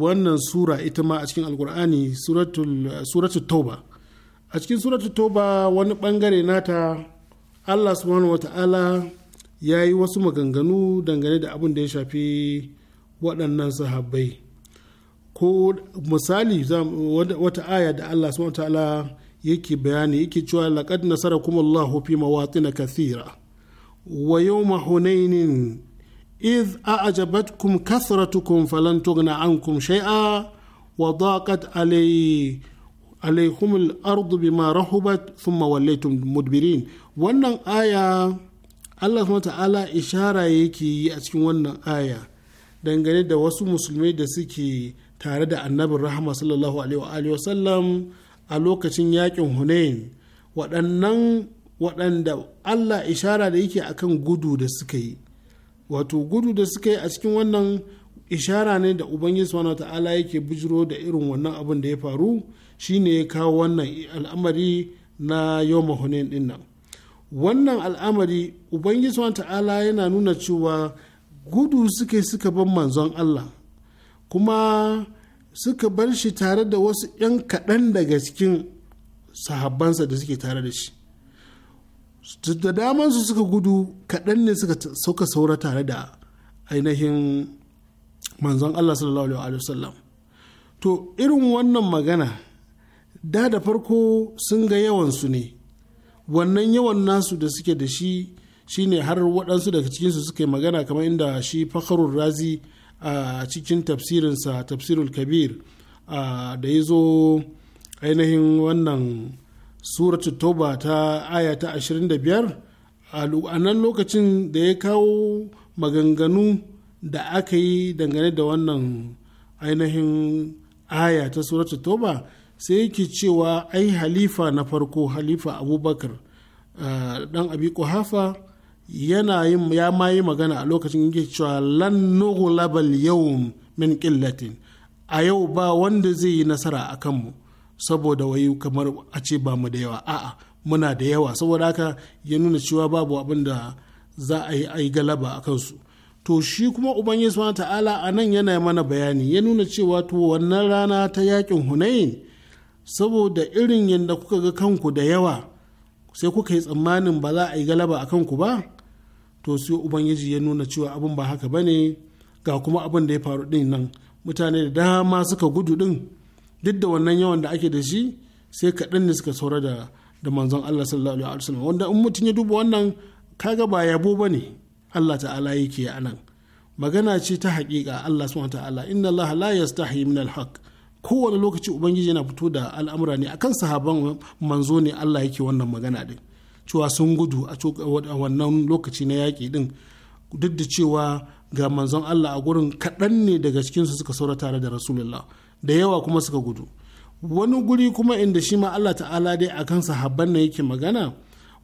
wannan sura ita ma a cikin alkur'ani suratul tauba a cikin suratul tauba wani bangare nata allah subhanahu wa ta'ala ya yi wasu maganganu dangane da abin da ya shafi waɗannan sahabbai ko misali wata aya da allah subhanahu wa ta'ala yake bayani yake cewa nasara kuma allahu fi mawatsina kathira wa yawma hunainin إذ أعجبتكم كثرتكم فلن تغن shai'a شيئا وضاقت علي عليهم الأرض بما رحبت ثم وليتم مدبرين wannan aya Allah subhanahu ta'ala ishara yake yi a cikin wannan aya dangane da wasu musulmai da suke tare da annabin rahama sallallahu alaihi wa sallam a lokacin yakin Hunain waɗannan waɗanda Allah ishara da yake akan gudu da suka yi wato gudu da suka yi a cikin wannan ishara ne da ubangiji subhanahu ta'ala yake bujiro da irin wannan abin da ya faru shine ya kawo wannan al'amari na yawma hunain din wannan al'amari ubangiji subhanahu ta'ala yana nuna cewa gudu suka suka bar manzon Allah kuma suka bar shi tare da wasu 'yan kaɗan daga cikin sahabbansa da suke tare da shi da daman su suka gudu kaɗan ne suka sauka saura tare da ainihin manzon Allah sallallahu alaihi wasallam to irin wannan magana da da farko sun ga yawansu ne wannan yawan nasu da suke da shi shine har waɗansu daga cikinsu suka yi magana kamar inda shi fakharul razi a cikin tafsirinsa tafsirul kabir da ya zo ainihin wannan suratu toba ta aya ta 25 a nan lokacin da ya kawo maganganu da aka yi dangane da wannan ainihin aya ta suratu toba sai yake cewa ai halifa na farko halifa abubakar dan abi kuhafa yana yin ya ma yi magana a lokacin yake cewa lan labal yawm min qillatin a yau ba wanda zai yi nasara a kanmu saboda wayu kamar a ce ba mu da yawa a'a muna da yawa saboda haka ya nuna cewa babu abin da za a yi a galaba a kansu to shi kuma ubangiji subhanahu ta'ala a nan yana mana bayani ya nuna cewa to wannan rana ta yakin hunayin saboda irin yadda kuka ga kanku da yawa sai kuka yi tsammanin ba za a yi galaba a kanku ba to sai ubangiji ya nuna cewa abin ba haka bane ga kuma abin da ya faru din nan mutane da dama suka gudu din duk da wannan yawan da ake da shi sai kaɗan ne suka saura da da manzon Allah sallallahu alaihi wasallam wanda in mutum ya duba wannan kaga ba yabo bane Allah ta'ala yake a nan magana ce ta haƙiƙa Allah subhanahu ta'ala inna Allah la yastahi min al-haq kowane lokaci ubangiji yana fito da al'amura ne akan sahaban manzo ne Allah yake wannan magana din cewa sun gudu a wannan lokaci na yaƙi din duk da cewa ga manzon Allah a gurin kaɗan ne daga cikinsu suka saura tare da rasulullah da yawa kuma suka gudu wani guri kuma inda shi ma Allah ta'ala dai akan sahabban na yake magana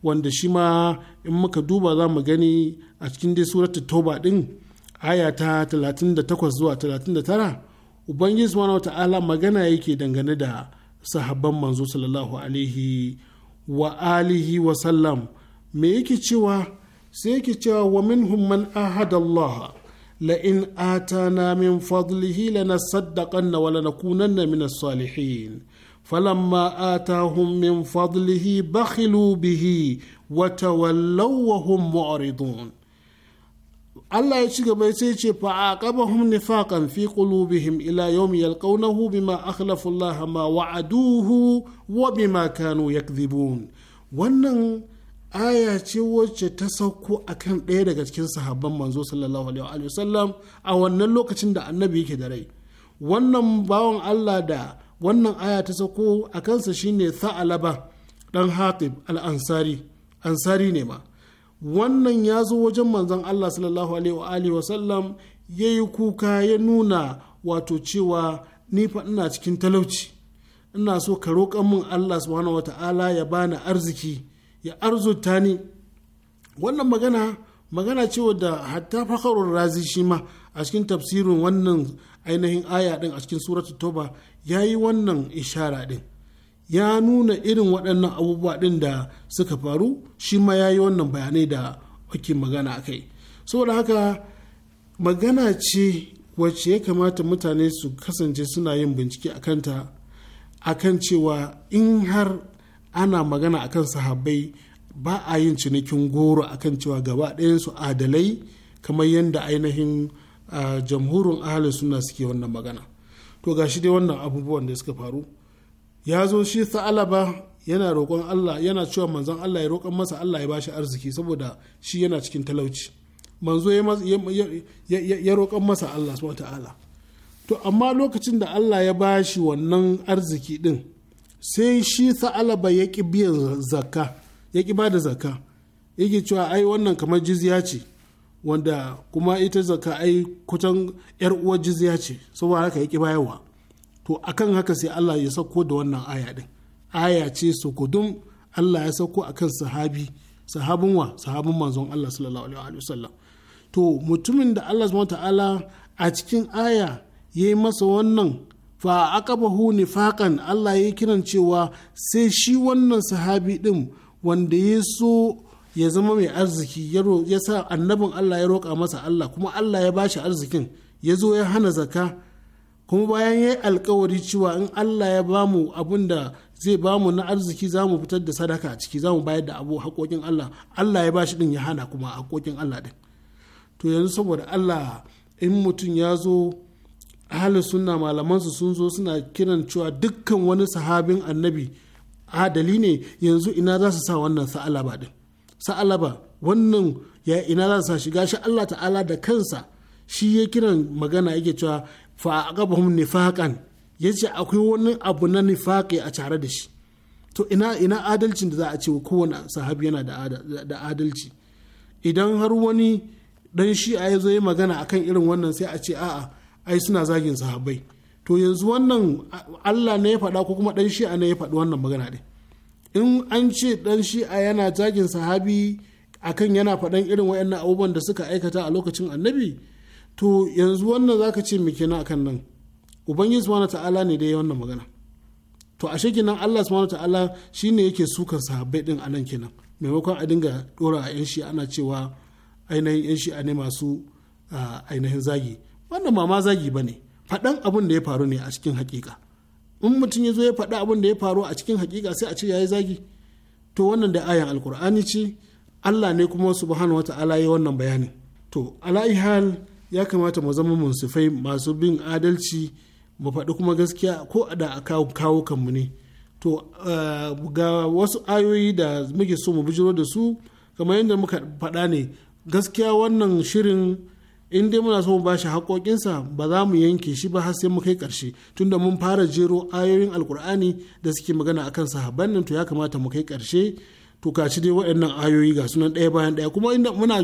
wanda shi ma in muka duba za mu gani a cikin dai suratul toba din aya ta 38 zuwa 39 ubangiji subhanahu ta'ala magana yake dangane da sahabban manzo sallallahu alaihi wa alihi wa sallam me yake cewa sai yake cewa wa minhum man ahada لئن آتانا من فضله لنصدقن ولنكونن من الصالحين فلما آتاهم من فضله بخلوا به وتولوا وهم معرضون Allah ya ci gaba sai ce fa aqabahum nifaqan fi qulubihim ila yawmi yalqawnahu bima akhlafu Allah ma wa'aduhu wa bima kanu yakdhibun wannan aya ce wacce ta sauko a kan ɗaya daga cikin sahabban manzo sallallahu alaihi wasallam a wannan lokacin da annabi yake da rai wannan bawan Allah da wannan aya ta sauko a kansa shine Sa'alaba dan Hatib al-Ansari ansari ne ma wannan ya zo wajen manzon Allah sallallahu alaihi wasallam yi kuka ya nuna wato cewa ni fa ina cikin talauci ina so ka roƙan min Allah subhanahu wata'ala ya bani arziki ya arzuta ni wannan magana magana ce da hatta fakarun razi shi ma a cikin tafsirin wannan ainihin aya din a cikin suratul toba ya yi wannan ishara din ya nuna irin waɗannan abubuwa din da suka faru shi ma ya yi wannan bayanai da wakil magana a kai saboda haka magana ce wacce ya kamata mutane su kasance suna yin bincike a kanta akan cewa in har ana magana akan sahabbai ba a yin cinikin goro akan cewa gaba su adalai kamar yadda ainihin jamhurin ahalin suna suke wannan magana to ga shi dai wannan abubuwan da suka faru ya zo shi sa'alaba yana roƙon Allah yana cewa manzon Allah ya roƙon masa Allah ya bashi arziki saboda shi yana cikin talauci manzo ya roƙon masa Allah to amma lokacin da Allah ya bashi wannan arziki din sai shi sa'alaba ya ƙi biyan zakka ya ƙi bada zakka yake cewa ai wannan kamar jizya ce wanda kuma ita zakka ai kutan yar uwar jizya ce saboda haka ya ƙi bayarwa to akan haka sai Allah ya sauko da wannan aya din aya ce su kudum Allah ya sauko akan sahabi sahabin wa sahabin manzon Allah sallallahu alaihi sallam to mutumin da Allah subhanahu ta'ala a cikin aya ya yi masa wannan fa aqabahu nifaqan Allah ya kiran cewa sai shi wannan sahabi din wanda ya so ya zama mai arziki ya sa annabin Allah ya roƙa masa Allah kuma Allah ya bashi arzikin ya zo ya hana zaka kuma bayan ya yi alkawari cewa in Allah ya bamu abin da zai bamu na arziki za mu fitar da sadaka a ciki za mu bayar da abu haƙoƙin Allah Allah ya bashi din ya hana kuma haƙoƙin Allah din to yanzu saboda Allah in mutum ya zo ahalin sunna malamansu sun zo suna kiran cewa dukkan wani sahabin annabi adali ne yanzu ina za su sa wannan sa'alaba din sa'alaba wannan ya ina za su sa shiga shi Allah ta'ala da kansa shi ya kiran magana yake cewa fa nifakan nifaqan yace akwai wani abu na nifaqi a tare da shi to ina ina adalcin da za a ce kowane sahabi yana da adalci idan har wani dan shi'a ya zo yi magana akan irin wannan sai a ce a'a ai suna zagin sahabbai to yanzu wannan Allah ne ya faɗa ko kuma ɗan shi'a ne ya faɗi wannan magana ɗin in an ce ɗan shi'a yana zagin sahabi akan yana faɗan irin wayannan abubuwan da suka aikata a lokacin annabi to yanzu wannan zaka ce me kenan akan nan ubangiji subhanahu ta'ala ne da ya wannan magana to ashe kenan Allah subhanahu ta'ala shine yake sukan sahabbai din anan kenan maimakon a dinga dora a yan shi'a ana cewa ainihin yan shi'a ne masu ah, ainihin zagi wannan ma ma zagi ba ne faɗan abin da ya faru ne a cikin hakika in mutum ya zo ya faɗa abin da ya faru a cikin hakika sai a ce ya yi zagi to wannan da ayan alkur'ani ce Allah ne kuma subhanahu wata'ala ya wannan bayani to ala'i hal ya kamata mu zama munsifai masu bin adalci mu faɗi kuma gaskiya ko a da a kawo kanmu ne to eh, ga wasu ayoyi da muke so mu bijiro da su kamar yadda muka faɗa ne gaskiya wannan shirin in dai muna so mu bashi haƙoƙinsa ba za mu yanke shi ba har sai mu kai ƙarshe tunda mun fara jero ayoyin alkur'ani da suke magana akan sahabban nan to ya kamata mu kai ƙarshe to ka ci dai waɗannan ayoyi ga sunan ɗaya bayan ɗaya kuma inda muna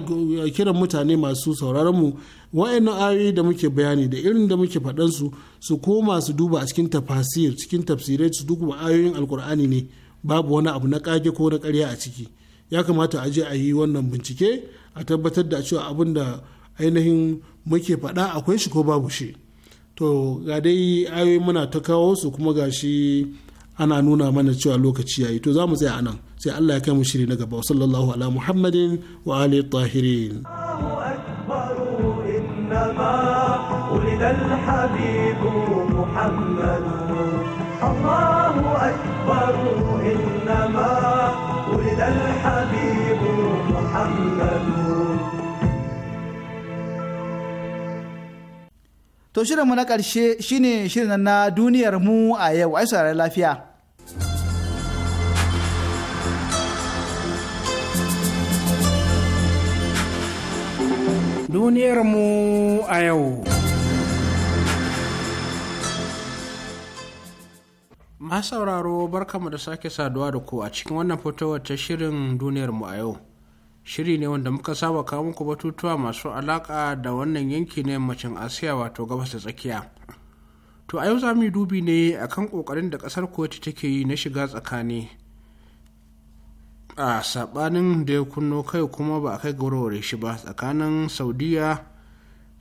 kiran mutane masu sauraron mu waɗannan ayoyi da muke bayani da irin da muke faɗan su su koma su duba a cikin tafasir cikin tafsirai su duba ayoyin alkur'ani ne babu wani abu na ƙage ko na ƙarya a ciki ya kamata a je a yi wannan bincike a tabbatar da cewa abin da ainihin muke faɗa akwai shi ko babu shi to ga dai ayoyi muna ta kawo su kuma ga shi ana nuna mana cewa lokaci yayi to za mu tsaya anan sai Allah ya kai mu shiri na gaba sallallahu ala muhammadin wa ali tahirin الحبيب محمد To shirinmu na ƙarshe shine shirin na duniyar mu a yau, ai saurari lafiya. Duniyar mu a yau. Masauraro barkamu da sake saduwa da ku a cikin wannan fitowar ta shirin duniyar mu a yau. shiri ne wanda muka saba kawo muku batutuwa masu alaka da wannan yanki na yammacin asiya wato gabas da tsakiya to a yau za mu yi dubi ne akan kokarin da kasar kotu take yi na shiga tsakani a sabanin da ya kunno kai kuma ba a kai gaurare shi ba tsakanin saudiya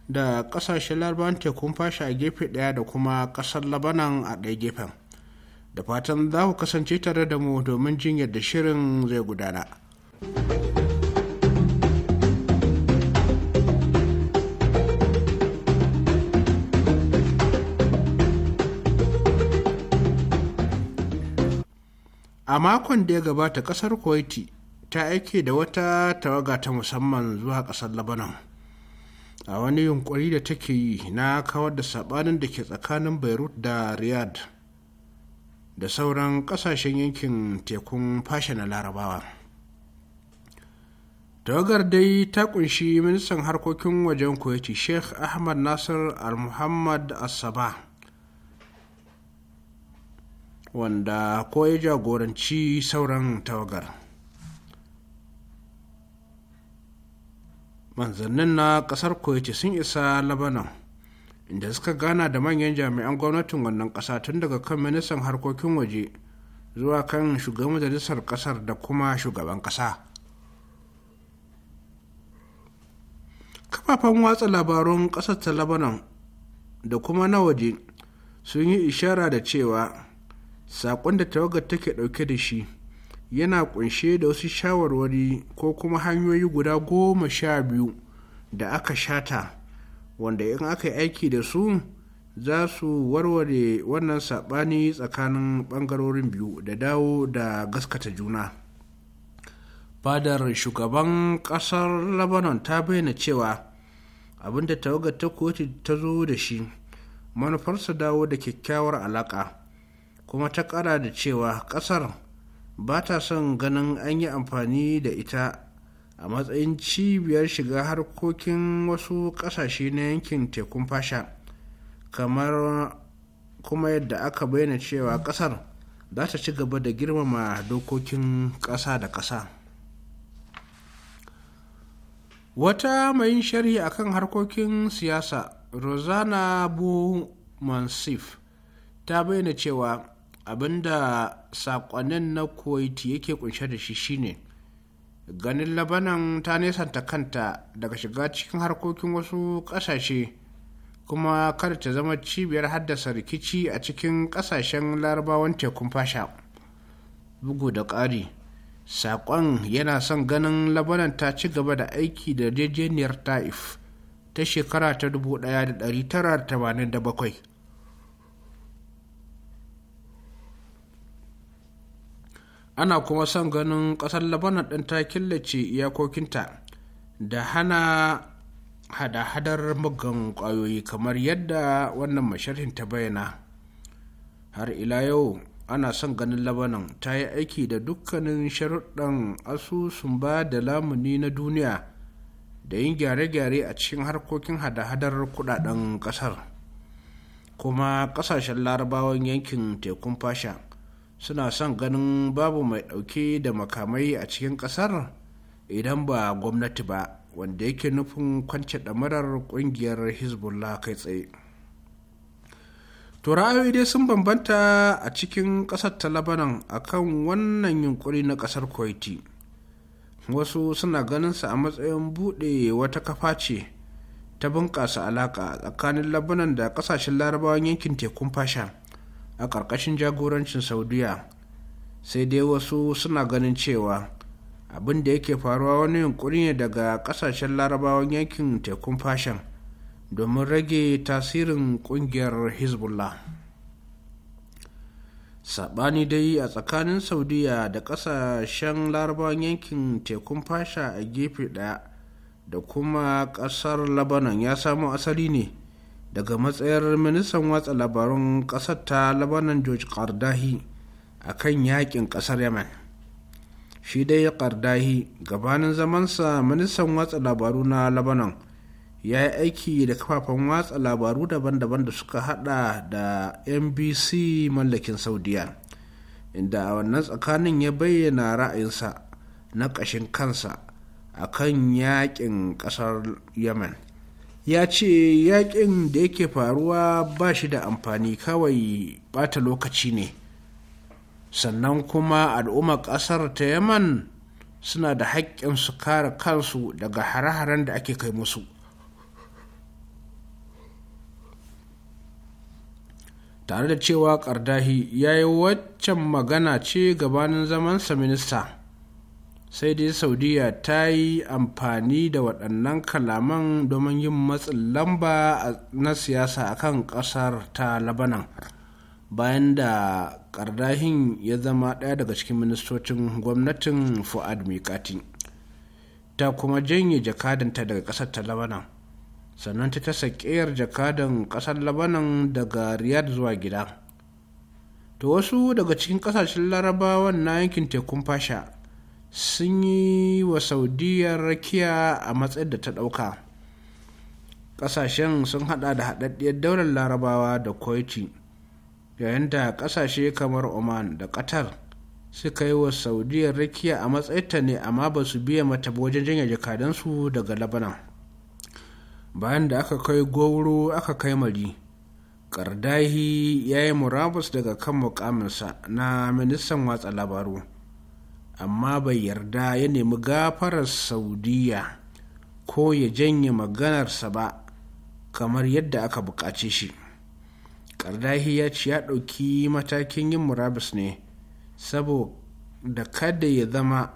da kasashen larabawan tekun fashi a gefe ɗaya da kuma ƙasar labanan a ɗaya gefen da fatan za ku kasance tare da mu domin jin yadda shirin zai gudana. a makon da ya gabata kasar kwaiti ta aike da wata tawaga ta musamman zuwa kasar labanon a wani yunkuri da take yi na kawar da sabanin da ke tsakanin beirut da riyadh da sauran kasashen yankin tekun fashe na larabawa tawagar dai ta kunshi ministan harkokin wajen kwaiti sheikh ahmad nasir al-muhammad as wanda ko ya jagoranci sauran tawagar manzannin na kasar kuwaiti sun isa labanan inda suka gana da manyan jami'an gwamnatin wannan kasa tun daga kan ministan harkokin waje zuwa kan shugaban majalisar kasar da kuma shugaban kasa kafafen watsa labarun kasar ta labanan da kuma na waje sun yi ishara da cewa saƙon da tawagar take ɗauke da shi yana ƙunshe da wasu shawarwari ko kuma hanyoyi guda goma sha biyu da aka shata wanda in aka yi aiki da su za su warware wannan saɓani tsakanin ɓangarorin biyu da dawo da gaskata juna fadar shugaban ƙasar lebanon ta bayyana cewa abinda tawagar ta kotu ta zo da shi manufarsa dawo da kyakkyawar alaƙa kuma ta kara da cewa kasar ba ta son ganin an yi amfani da ita a matsayin cibiyar shiga harkokin wasu kasashe na yankin tekun fasha kamar kuma yadda aka bayyana cewa kasar za ta ci gaba da girmama dokokin ƙasa da ƙasa wata mai sharhi kan harkokin siyasa rosanna bu mansif ta bayyana cewa abinda saƙonin na kuwaiti yake kunshe da shi shine ganin labanan ta nesanta kanta daga shiga cikin harkokin wasu ƙasashe kuma kada ta zama cibiyar haddasa rikici a cikin ƙasashen larabawan tekun fasha bugu da ƙari saƙon yana son ganin labanan ta ci gaba da aiki da yarjejeniyar taif ta shekara ta 1987 ana kuma son ganin ƙasar labanan ɗin ta killace iyakokinta da hana hada-hadar muggan ƙwayoyi kamar yadda wannan masharhin ta bayyana har ila yau ana son ganin labanan ta yi aiki da dukkanin sharuɗan asusun ba da lamuni na duniya da yin gyare-gyare a cikin harkokin hada-hadar kudaden ƙasar kuma ƙasashen larabawan yankin tekun fasha suna son ganin babu mai ɗauke da makamai a cikin ƙasar idan ba gwamnati ba wanda yake nufin kwance ɗamarar ƙungiyar hezbollah kai tsaye to dai sun bambanta a cikin ƙasar ta labanan kan wannan yunkuri na ƙasar kuwaiti wasu suna ganinsa a matsayin buɗe wata kafa ce ta bunƙasa alaƙa tsakanin labanan da ƙasashen larabawan yankin tekun fasha a ƙarƙashin jagorancin saudiya sai dai wasu suna ganin cewa abin da yake faruwa wani yunkuri ne daga ƙasashen larabawan yankin tekun fashin domin rage tasirin ƙungiyar hezbollah saɓani dai a tsakanin saudiya da ƙasashen larabawan yankin tekun fasha a gefe ɗaya da kuma ƙasar labanan ya samo asali ne daga matsayar ministan watsa labarun ƙasar ta labanan george kardahi a kan yakin ƙasar yemen shi dai kardahi gabanin zamansa ministan watsa labaru na labanan ya yi aiki da kafafen watsa labaru daban-daban da suka hada da nbc mallakin saudiya inda a wannan tsakanin ya bayyana ra'ayinsa na ƙashin kansa a kan yakin ƙasar yemen ya ce yakin da yake faruwa ba shi da amfani kawai bata lokaci ne sannan kuma al'ummar ƙasar ta yaman suna da haƙƙin su kare kansu daga hare-haren da ake kai musu tare da cewa ƙardahi ya yi waccan magana ce gabanin zamansa minista sai dai saudiya ta yi amfani da waɗannan kalaman domin yin matsin lamba na siyasa a kan ƙasar ta labanan bayan da ƙardahin ya zama ɗaya daga cikin ministocin gwamnatin fuad mikati ta kuma janye jakadanta daga ƙasar ta labanan sannan ta tasa ƙiyar jakadan ƙasar labanan daga Riyad zuwa gida to wasu daga cikin ƙasashen larabawan na yankin tekun fasha sun yi wa saudiyar rakiya a matsayin da ta ɗauka ƙasashen sun hada da haɗaɗɗiyar daular larabawa da koiti yayin da ƙasashe kamar oman da qatar suka yi wa saudiyar rakiya a matsayinta ne amma ba su biya mata wajen jinya jakadansu daga labanan bayan da aka kai goro aka kai mari kardahi ya yi murabus daga kan mukaminsa na ministan watsa labaru amma bai yarda ya nemi gafarar saudiya ko ya janye maganarsa ba kamar yadda aka buƙace shi ƙardahi ya ce ya ɗauki matakin yin murabus ne saboda kada ya zama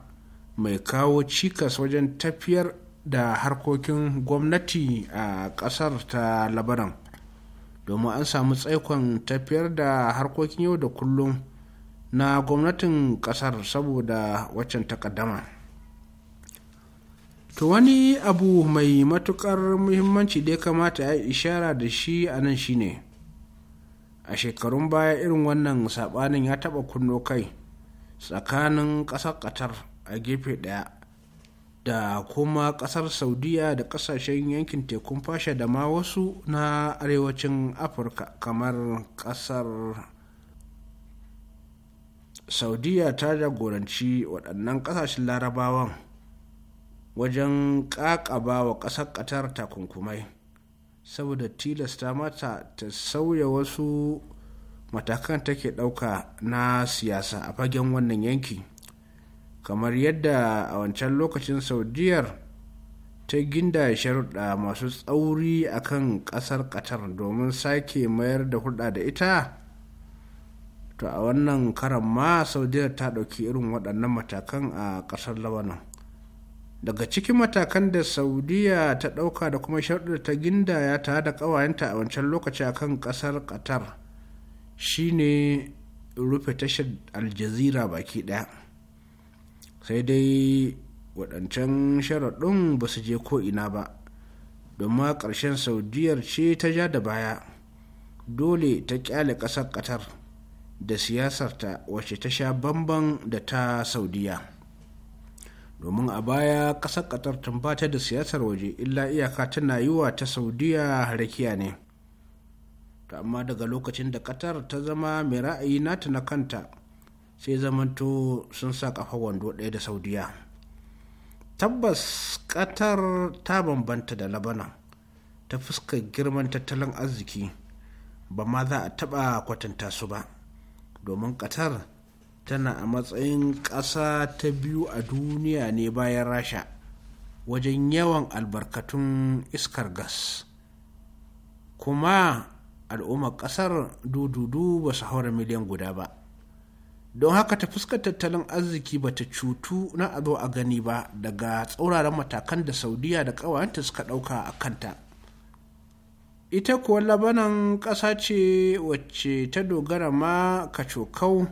mai kawo cikas wajen tafiyar da harkokin gwamnati a ƙasar ta labaran domin an samu tsaikon tafiyar da harkokin yau da kullum na gwamnatin kasar saboda waccan takaddama to wani abu mai matukar muhimmanci da ya kamata ya ishara da shi a nan shine a shekarun baya irin wannan sabanin ya taba kunno kai tsakanin ƙasar qatar a gefe ɗaya da kuma ƙasar saudiya da ƙasashen yankin tekun fasha da ma wasu na arewacin afirka kamar ƙasar saudiya ta jagoranci waɗannan ƙasashen larabawan wajen ƙaƙaba wa ƙasar ƙatar takunkumai saboda tilasta mata ta sauya wasu matakan take ɗauka na siyasa a fagen wannan yanki kamar yadda a wancan lokacin saudiyar ta ginda sharuɗa masu tsauri akan ƙasar ƙatar domin sake mayar da hulɗa da ita to a wannan karan ma saudiya ta ɗauki irin waɗannan matakan a ƙasar labanon daga cikin matakan da saudiya ta ɗauka da kuma sharɗar ta gindaya ta da ƙawayenta a wancan lokaci a kan ƙasar qatar shine rufe tashar aljazira baki ɗaya sai dai waɗancan sharaɗin ba su je ko'ina ba domin ƙarshen saudiyar ce ta ja da baya dole ta ƙyale ƙasar ƙatar. da siyasarta wacce ta sha bamban da ta saudiya domin a baya ƙasar ƙatar bata da siyasar waje illa iyaka tana yi wa ta saudiya rakiya ne to amma daga lokacin da ƙatar ta zama mai ra'ayi nata na kanta sai zamanto sun sa ƙafa wando ɗaya da saudiya tabbas ƙatar ta bambanta da labanan ta fuska girman tattalin arziki ba ma za a taɓa kwatanta su ba domin qatar tana a matsayin ƙasa ta biyu a duniya ne bayan rasha wajen yawan albarkatun iskar gas kuma al'ummar ƙasar dududu ba su haura miliyan guda ba don haka ta fuskar tattalin arziki ba ta cutu na a a gani ba daga tsauraran matakan da saudiya da ƙawayenta suka ɗauka a kanta ita kuwa labanan ƙasa ce wacce ta dogara ma kacokau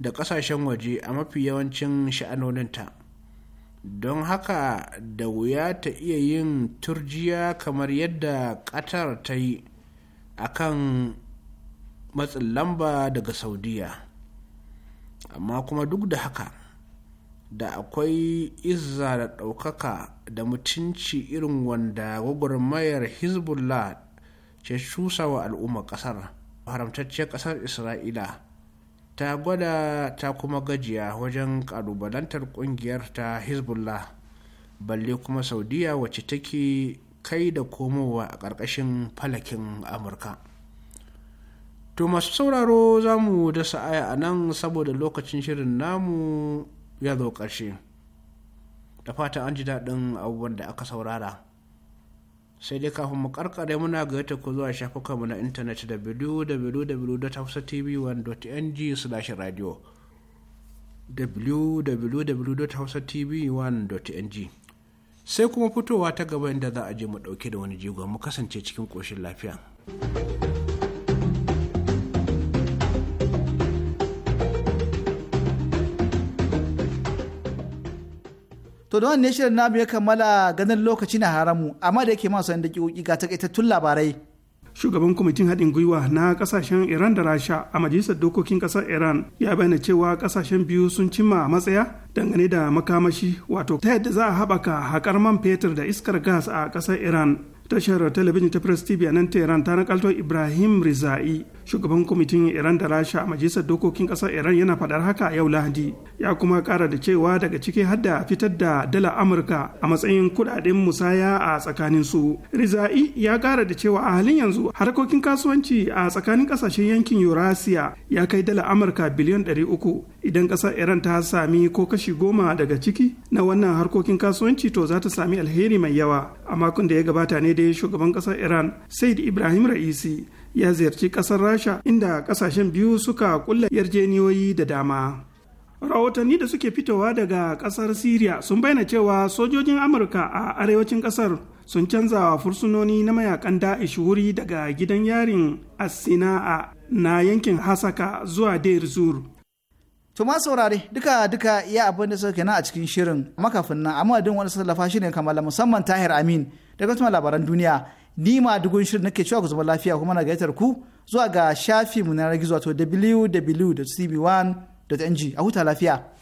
da ƙasashen waje a mafi yawancin sha'anoninta don haka da wuya ta iya yin turjiya kamar yadda ƙatar ta yi a kan matsin lamba daga saudiya amma kuma duk da haka da akwai izza da ɗaukaka da mutunci irin wanda gwagwarmayar hezbollah ce shusa wa al'ummar ƙasar haramtacciyar ƙasar isra'ila ta gwada ta kuma gajiya wajen ƙalubalantar ƙungiyar ta hezbollah balle kuma saudiya wacce take kai da komowa a ƙarƙashin falakin amurka to masu sauraro za mu dasa aya a nan saboda lokacin shirin namu ya zo ƙarshe da fata an ji daɗin abubuwan da aka saurara sai dai kafin mu karkare muna ga yata ku zuwa shafukanmu na intanet www.hausatv1.ng/radio www.hausatv1.ng sai kuma fitowa ta gaba inda za a je mu dauke da wani jigon mu kasance cikin koshin lafiya. To da wannan shirin namu ya kammala ganin lokaci na haramu amma da yake masu yanda kiwoki ga takaitattun labarai. Shugaban kwamitin haɗin gwiwa na ƙasashen Iran da Rasha a majalisar dokokin ƙasar Iran ya bayyana cewa ƙasashen biyu sun cimma a matsaya dangane da makamashi wato ta yadda za a haɓaka haƙar man fetur da iskar gas a ƙasar Iran. Tashar talabijin ta Press TV a nan Tehran ta nakaltar Ibrahim Rizai shugaban kwamitin iran da rasha a majalisar dokokin kasar iran yana fadar haka a yau lahadi ya kuma kara da cewa daga ciki har da fitar da dala amurka a matsayin kudaden musaya a tsakanin su rizai ya kara da cewa a halin yanzu harkokin kasuwanci a tsakanin kasashen yankin eurasia ya kai dala amurka biliyan uku idan kasar iran ta sami ko kashi goma daga ciki na wannan harkokin kasuwanci to za ta sami alheri mai yawa a makon da ya gabata ne dai shugaban kasar iran said ibrahim ra'isi ya ziyarci kasar rasha inda kasashen biyu suka kulle yarjeniyoyi da dama rahotanni da suke fitowa daga kasar syria sun bayyana cewa sojojin amurka a arewacin kasar sun canza wa fursunoni na mayakan da'ish wuri daga gidan yarin a na yankin hasaka zuwa deir zur to ma saurare duka duka iya abin da suka a cikin shirin makafin nan amma din wani sallafa shi ne kamar musamman tahir amin daga kuma labaran duniya ni ma dugun shirin nake cewa ku zama lafiya kuma na gayyatar ku zuwa ga shafi mu na gizo wato www.cb1.ng a huta lafiya.